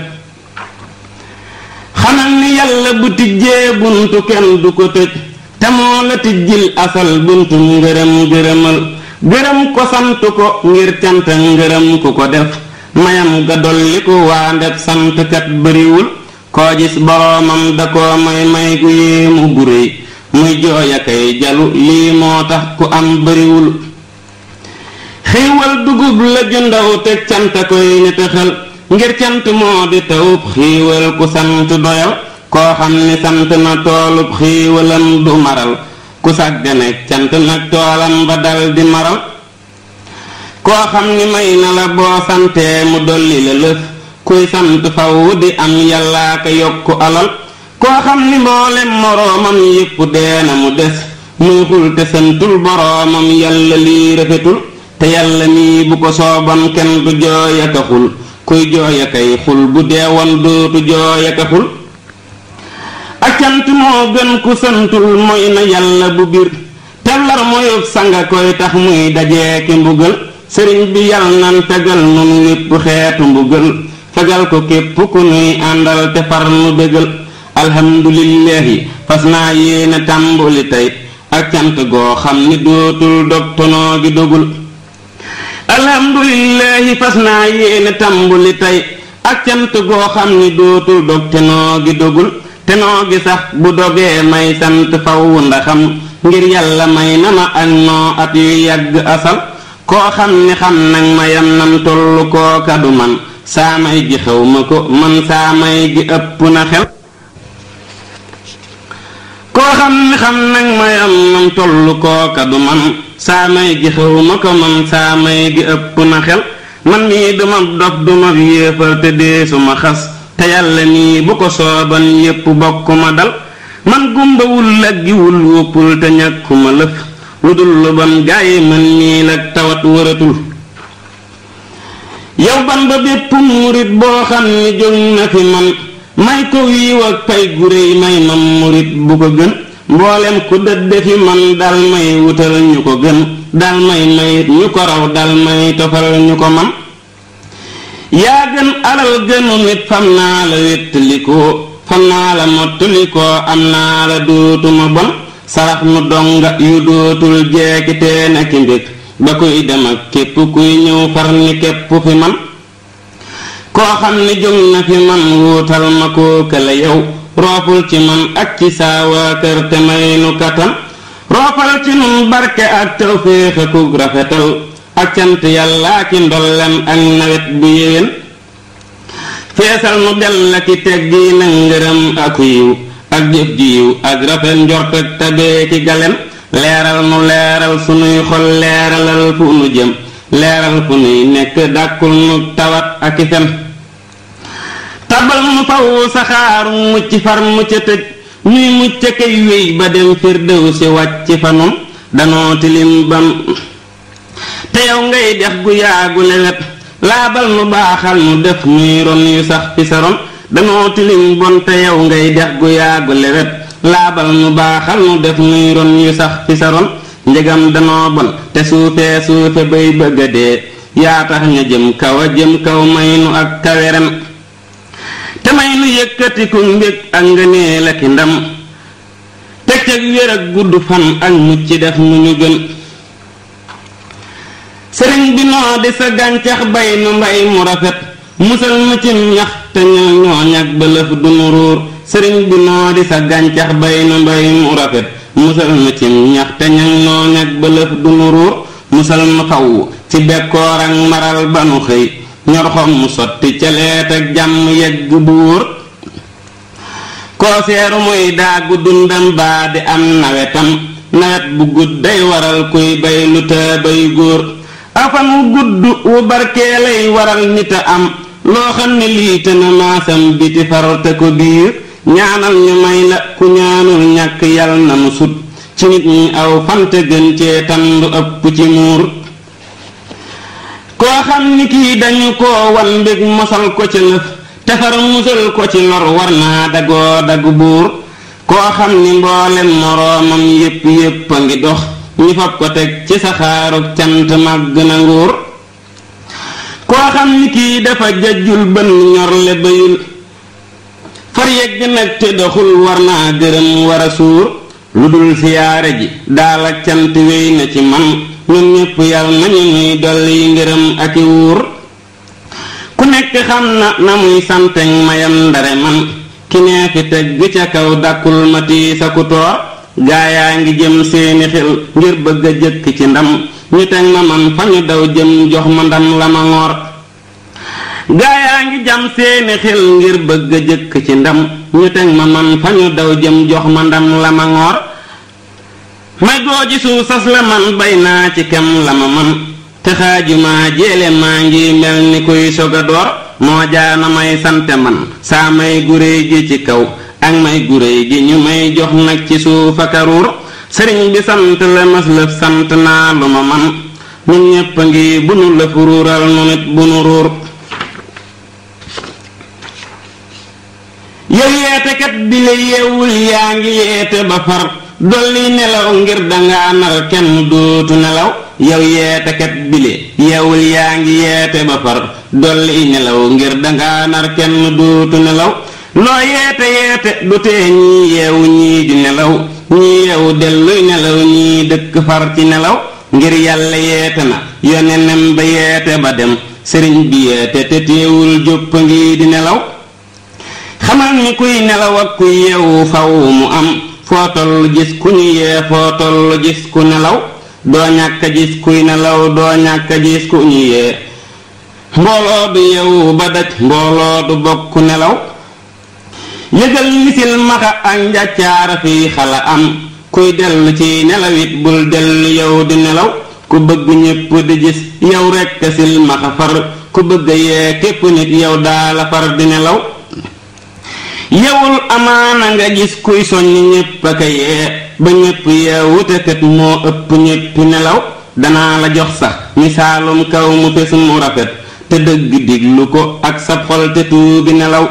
Speaker 1: xamal ni yàlla bu tijjee buntu kenn du ko tëj te moo la tijjil asal buntu ngërëm gërëmal gërëm ko sant ko ngir cant ngërëm ku ko def mayam ga dolli ko waa ndeb sant kat bariwul koo gis boroomam da koo may may gu réy muy jooy a kay jalu lii moo tax ku am bariwul xéewal dugub la ju ndaw te cant koy nit xel ngir cant moo di tawub xéewal ku sant doyal koo xam ni sant na cant nag toolam ba dal di maral koo xam ni may na la boo santee mu dolli la lëf kuy sant faw di am yàllaa ka yokku alal koo xam ni mboolem moroomam yépp dee na mu des muy xul te santul boroomam yàlla lii rafetul te yàlla nii bu ko sooban kenn du jooy aka xul kuy jooy akay xul bu deewoon dootu jooy aka xul ak moo gën ku santul mooy na yàlla bu biir tellar mooyub sanga koy tax muy dajee ki mbugal sëriñ bi yàlla nan tegal nun wépp xeetu mbugal fegal ko képp ku nuy àndal te far nu bégal alhamdulillahi fas naa yéene tàmbuli tey ak goo xam ni dootul dog tonoo gi dogul alhamdulillahi fas naa yéene tàmbuli tey ak cant goo xam ni dootul dog te noo gi dogul te noo gi sax bu dogee may sant faw ndaxam ngir yàlla may na ma ak noo at yu yàgg asal koo xam ni xam nag ma yam nam tollu kooka du man saamay gi xaw ma ko man saamay gi ëpp na xel koo xam ni xam nag ma yam tollu kooka du man saa may gi xawma ko man saa may gi ëpp na xel man mii duma dof duma yéefal te dee suma xas te yàlla nii bu ko sooban yépp bokk ma dal man gumbawul ak giwul wóppul te ñàkkuma lëf lu dul lu ban gaayi man nii nag tawat wëratul yow ban ba bépp murit boo xam ni jóg na fi man may ko wiiw ak pay gu réy may mam murit bu ko gën mboolem ku dëdde fi man dal may wutal ñu ko gën dal may mayit ñu ko raw dal may tofal ñu ko man yaa gën alal gënu nit fam naa la wéttalikoo fam naa la mottalikoo am naa la dootuma bon sarax nu donga yu dootul jeekitee na ki mbég ba kuy dem képp kuy ñëw far ni képp fi man koo xam ne jóg na fi man wuutal ma koo kële yow rooful ci man ak ci saa waa kër te may nu kattan roofal ci nun barke ak tawféex akug rafetal ak cant yàllaa ki ndollem ak nawet bu yéen feesal nu dell ki teggi na ngërëm ak yiw ak jëf ji yiw ak rafet njort ak tabee ki leeral nu leeral sunuy xol leeralal fu nu jëm leeral fu nuy nekk dàkkul nu tawat ak i fen abal nu faw saxaar mucc far mucc tëj nuy mucc kay wéy ba dem firdew si wàcc fanum danoo tilim yow ngay def gu yaagu lewet laabal baaxal nu def nuy ron yu sax fi sa ron danoo tilim bon te yow ngay def gu yaagu lewet laabal mu baaxal nu def nuy ron yu sax fi sa ron njëgam danoo bon te suufee suufe bay bëgga dee yaa tax ñu jëm kaw a jëm kaw may nu ak kawerem damay lu yëkkatiku mbég ak ngëneel ak ndam teg ak wér gudd fan ak mucc def mu ñu gën sëriñ bi noo di sa gàncax bay nu mbay mu rafet musal mu cim ñax te ñoo ñooñak bëlëf gàncax bay nu mbay mu rafet mu cim ñax bëlëf du nu ruur musal mu xaw ci bekkoor ak maral ba nu xëy ñorxom mu sotti caleet ak jàmm yegg buur kooseeru muy daagu dundam baa di am nawetam nawet bu gudd day waral kuy bay lu ta bay góor afan wu gudd wu barkee lay waral nit a am loo xam ne lii te na maasam biti farata ko biir ñaanal ñu may la ku ñaanul ñàkk yal na mu sut ci nit ñi aw fante gën cee tandu ëpp ci muur koo xam ni kii dañu ko wan mbég mosal ko ci lëf ko ci lor war naa dagoo dagu buur koo xam ni mboolem moroomam yépp yépp a ngi dox ñu fab ko teg ci saxaarug cant màgg na nguur koo xam ni kii dafa jajjul bën ñorle bayul far yegg nag te doxul war naa gërëm war a suur lu dul siyaare ji daal ak cant wéy na ci man ñun ñëpp yàlla nañu nuy dolli yi ngërëm ak i wuur ku nekk xam na na muy santeŋ mayam ndare man ki nee fi tegg ca kaw dàkkul ma tiisa ku toor yaa ngi jëm seeni xel ngir bëgg a jëkk ci ndam ñu teg ma man fa ñu daw jëm jox ma ndam la ma ngoor gaayaa ngi jam seeni xel ngir bëgg a jëkk ci ndam ñu teg ma man fa ñu daw jëm jox ma ndam la ma ngoor may gooji suuf sas man bay naa ci kem la ma man te xaajumaa jéele maa ngi mel ni koy sog a door moo jaana may sante man saa may guréy gi ci kaw ak may guréy gi ñu may jox nag ci suufa karuur sëriñ bi sant la lëf sant naa lu ma man ñun ñépp a ngi bu nu lëf ruural nu nit bu nu ruur yow yeetekat bi la yeewul yaa ngi yeete ba far dolli nelaw ngir dangaa nar kenn dootu nelaw yow yeetekat bile yeewul yaa ngi yeete ba far dolli nelaw ngir dangaa nar kenn dootu nelaw loo yeete yeete du tee ñii yeewu ñii di nelaw ñii yeewu delluy nelaw ñii dëkk far ci nelaw ngir yàlla yeete na yonenam ba yeete ba dem sëriñ bi yeete te teewul joppa ngi di nelaw xamal ni kuy nelaw ak kuy yeewu faw mu am foo toll gis ku ñu yee foo toll ku nelaw doo ñàkk gis kuy nelaw doo ñàkk gis ku ñu yee mbooloo du yewu ba daj mbooloo du bokk nelaw yëgal misil maxa ak njàccaara fi xala am kuy dellu ci nelaw it bul dellu yow di nelaw ku bëgg ñépp di gis yow rekk sil maxa far ku bëgg yee képp nit yow daala far di nelaw yewul amaana nga gis kuy soññ ñépp a ka yee ba ñépp yeewu te kat moo ëpp ñépp nelaw danaa la jox sax misaalum kaw mu fes mu rafet te dëgg diglu ko ak sab xol te tuubi nelaw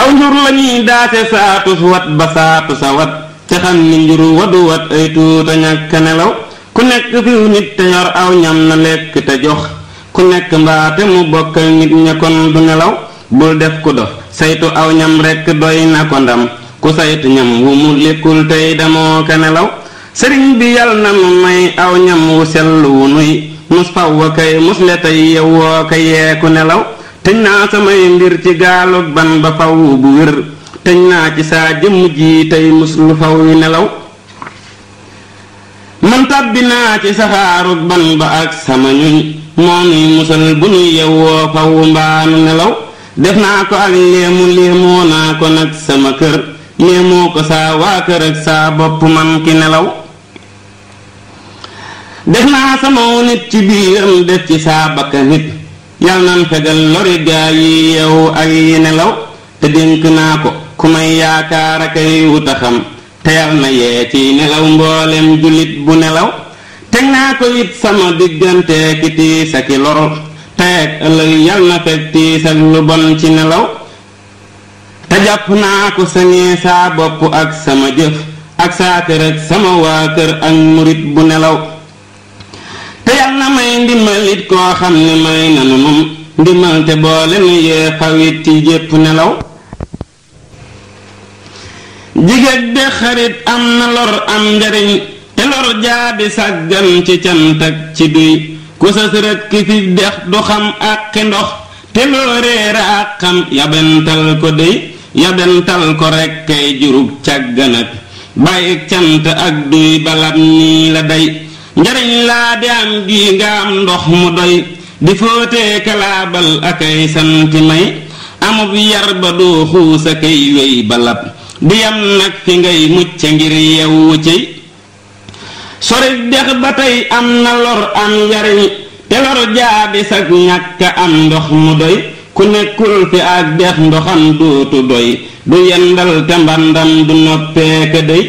Speaker 1: aw njur lañuy daate saatus wat ba saatu sa wat te xam ni njuru wadu wat ay tuuta ñàkk nelaw ku nekk fiw nit te yor aw ñam na lekk te jox ku nekk mbaate mu bokkal nit ña kon du nelaw bul def ku dof saytu aw ñam rekk doy na ko ndam ku saytu ñam wu mu lekkul tey damoo ka nelaw sëriñ bi yal na nu may aw ñam wu sell wu nuy mus faw wa tey yewwoo mbir ci ba faw bu naa ci saa jëmm ji tey mus lu nelaw man tàbbi naa ci saxaarug ban ba ak sama ñuñ moo nuy bu nuy yewwoo faw mbaanu nelaw def naa ko ak léemu léemoo naa ko nag sama kër léemoo ko saa waa kër ak saa bopp man ki nelaw def naa sama nit ci biiram def ci saa bakka nit yal nan fegal lori gaa yi yeewu ak yi nelaw te dénk naa ko ku may yaakaar akay wuta xam te yal na yee ci nelaw mboolem jullit bu nelaw teg naa ko it sama diggante kiti sa ki loro tey ak ëllëg yal na fekk tiisal lu bon ci nelaw te jàpp naa ko sañee saa bopp ak sama jëf ak saa kër sama waa kër ak murit bu nelaw te yal na may ndimbalit koo xam ne may nanu moom ndimbal te boole nu xawit ci jépp nelaw jigéen de xarit am na lor am njariñ te lor jaabi sàggan ci cant ak ci duy ku sës rek ki fi dex du xam ak ndox te loo réer ak xam yabental ko dey yabental ko rek kay jurub càgganak bàyyi cant ak duy balab nii la day njariñ laa di am gii nga am ndox mu doy di fóotee kalaabal akay santi may amub yar ba doo xuus akay wey balab di yam nag fi ngay mucc ngir yewu cëy sori dex ba tey am na lor am njariñ te lor jaadis ak ñàkk am ndox mu doy ku nekkul fi ak dex ndoxam duutu doy du yendal te mbandam du noppeeka dey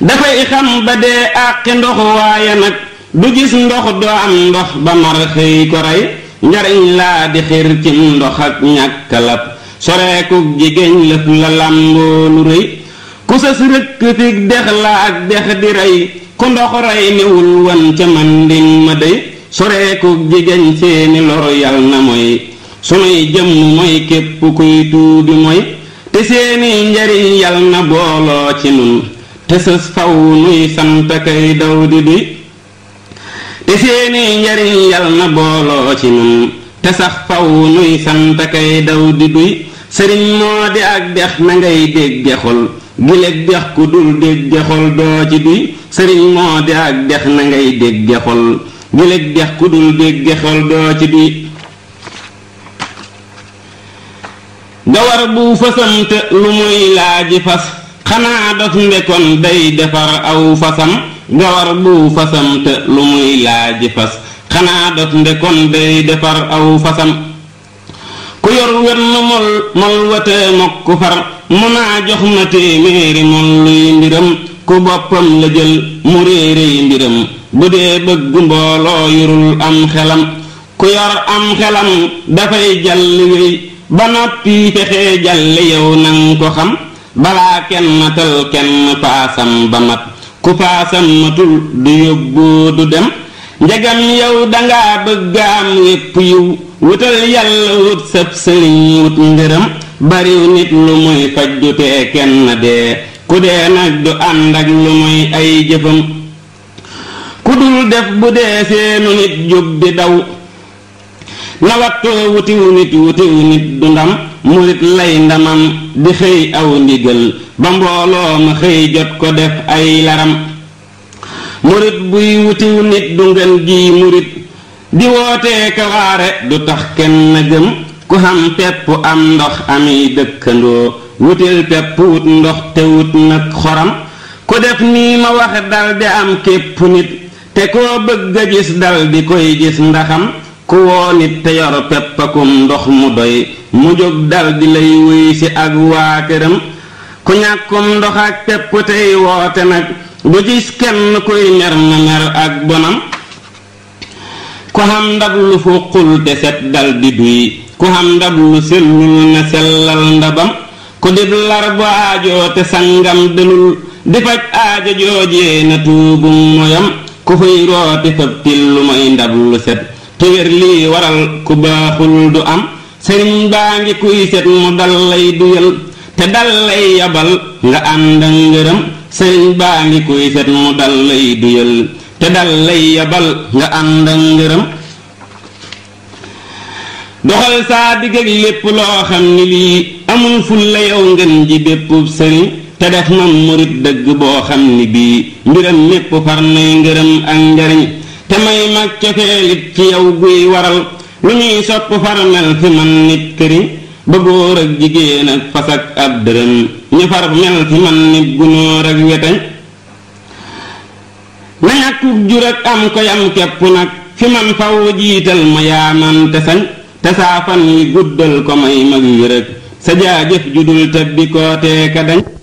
Speaker 1: dafay xam ba dee àqi ndox waaye nag du gis ndox doo am ndox ba mar xëy ko rey njariñ laa di xir ci ndox ak ñàkk lab soreekuk jigéen lëf la làmboo rëy ku sës rëkk fig dex la ak dex di rey ku ndox rey niwul wan ca man din ma dey soreeku jigéen seeni lor yal na mooy sunuy jëmm mooy képp kuy tuubi mooy te seeni njariñ yal na booloo ci nun te sës faw nuy sant kay daw daw di duy sëriñ moo di ak dex na ngay xol gileeg dex ku bi sëriñ moo di ak dex na ngay dégge xol gileeg dex ku dul dégge xol doo ci bi gawar bu fasamte lu muy laaji fas xanaa dof ndekon day defar aw fasam gawar bu fasamte lu muy laaji fas xanaa dof ndekon day defar aw fasam ku yor wenn mol mol wate mokk far mu naa jox ma téeméeri mol luy mbiram ku boppam la jël mu réeréy mbiram bu dee bëgg mbooloo yorul am xelam ku yor am xelam dafay jàll wéy ba noppi fexee jàll yow nang ko xam balaa kenn matal kenn paasam ba mat ku paasam matul du yóbbu du dem ndegam yow danga bëgg am wépp yiw wutal yàlla wut sëriñ wut ngërëm bariw nit lu muy faj du tee kenn dee ku dee nag du ànd ak lu muy ay jëfam ku dul def bu dee seenu nit jub bi daw na wattoo wutiw nit wutiw nit du ndam murit lay ndamam di xëy aw ndigal ba mbooloo ma xëy jot ko def ay laram murit buy wutiw nit du ngeen gi murit di wootee kawaare du tax kenn gëm ku xam pepp am ndox ami dëkkandoo wutil pepp wut ndox te wut nag xoram ku def nii ma wax dal am képp nit te koo bëgg a gis dal koy gis ndaxam ku woo nit te yor peppakum ndox mu doy mu jóg dal di lay wuy ak waa këram ku ñàkkum ndox ak pepp tey woote nag ba gis kenn kuy mer na mer ak bonam ku xam ndab lu fuqul te set dal di duy ku xam ndab lu sellul te sangam dëlul lu mooy ndab lu set te wér waral ku baaxul du am sëriñ baa ngi kuy set mu dal lay duyal te dal lay yabal nga ànd ak ngërëm sëriñ baa ngi koy set mu dal lay duyal te dal lay yabal nga ànd ak ngërëm doxal saa digg ak lépp loo xam ni lii amul ful la yow ngën ji béppub sëriñ te def na murit dëgg boo xam ni bii mbiram mépp far nay ngërëm ak njariñ te may mag cofeelit ci yow guy waral lu ñuy sopp far mel fi man nit këriñ ba góor ak jigéen ak fas ak ab dërëm ñu mel fi man nit gunóor ak wetañ na jur ak am koy am kepp nag fi man faw jiital ma yaaman te sañ te saafan wi guddal ko may mag wér ak sa jaajëf judul tabbi koote ka dañ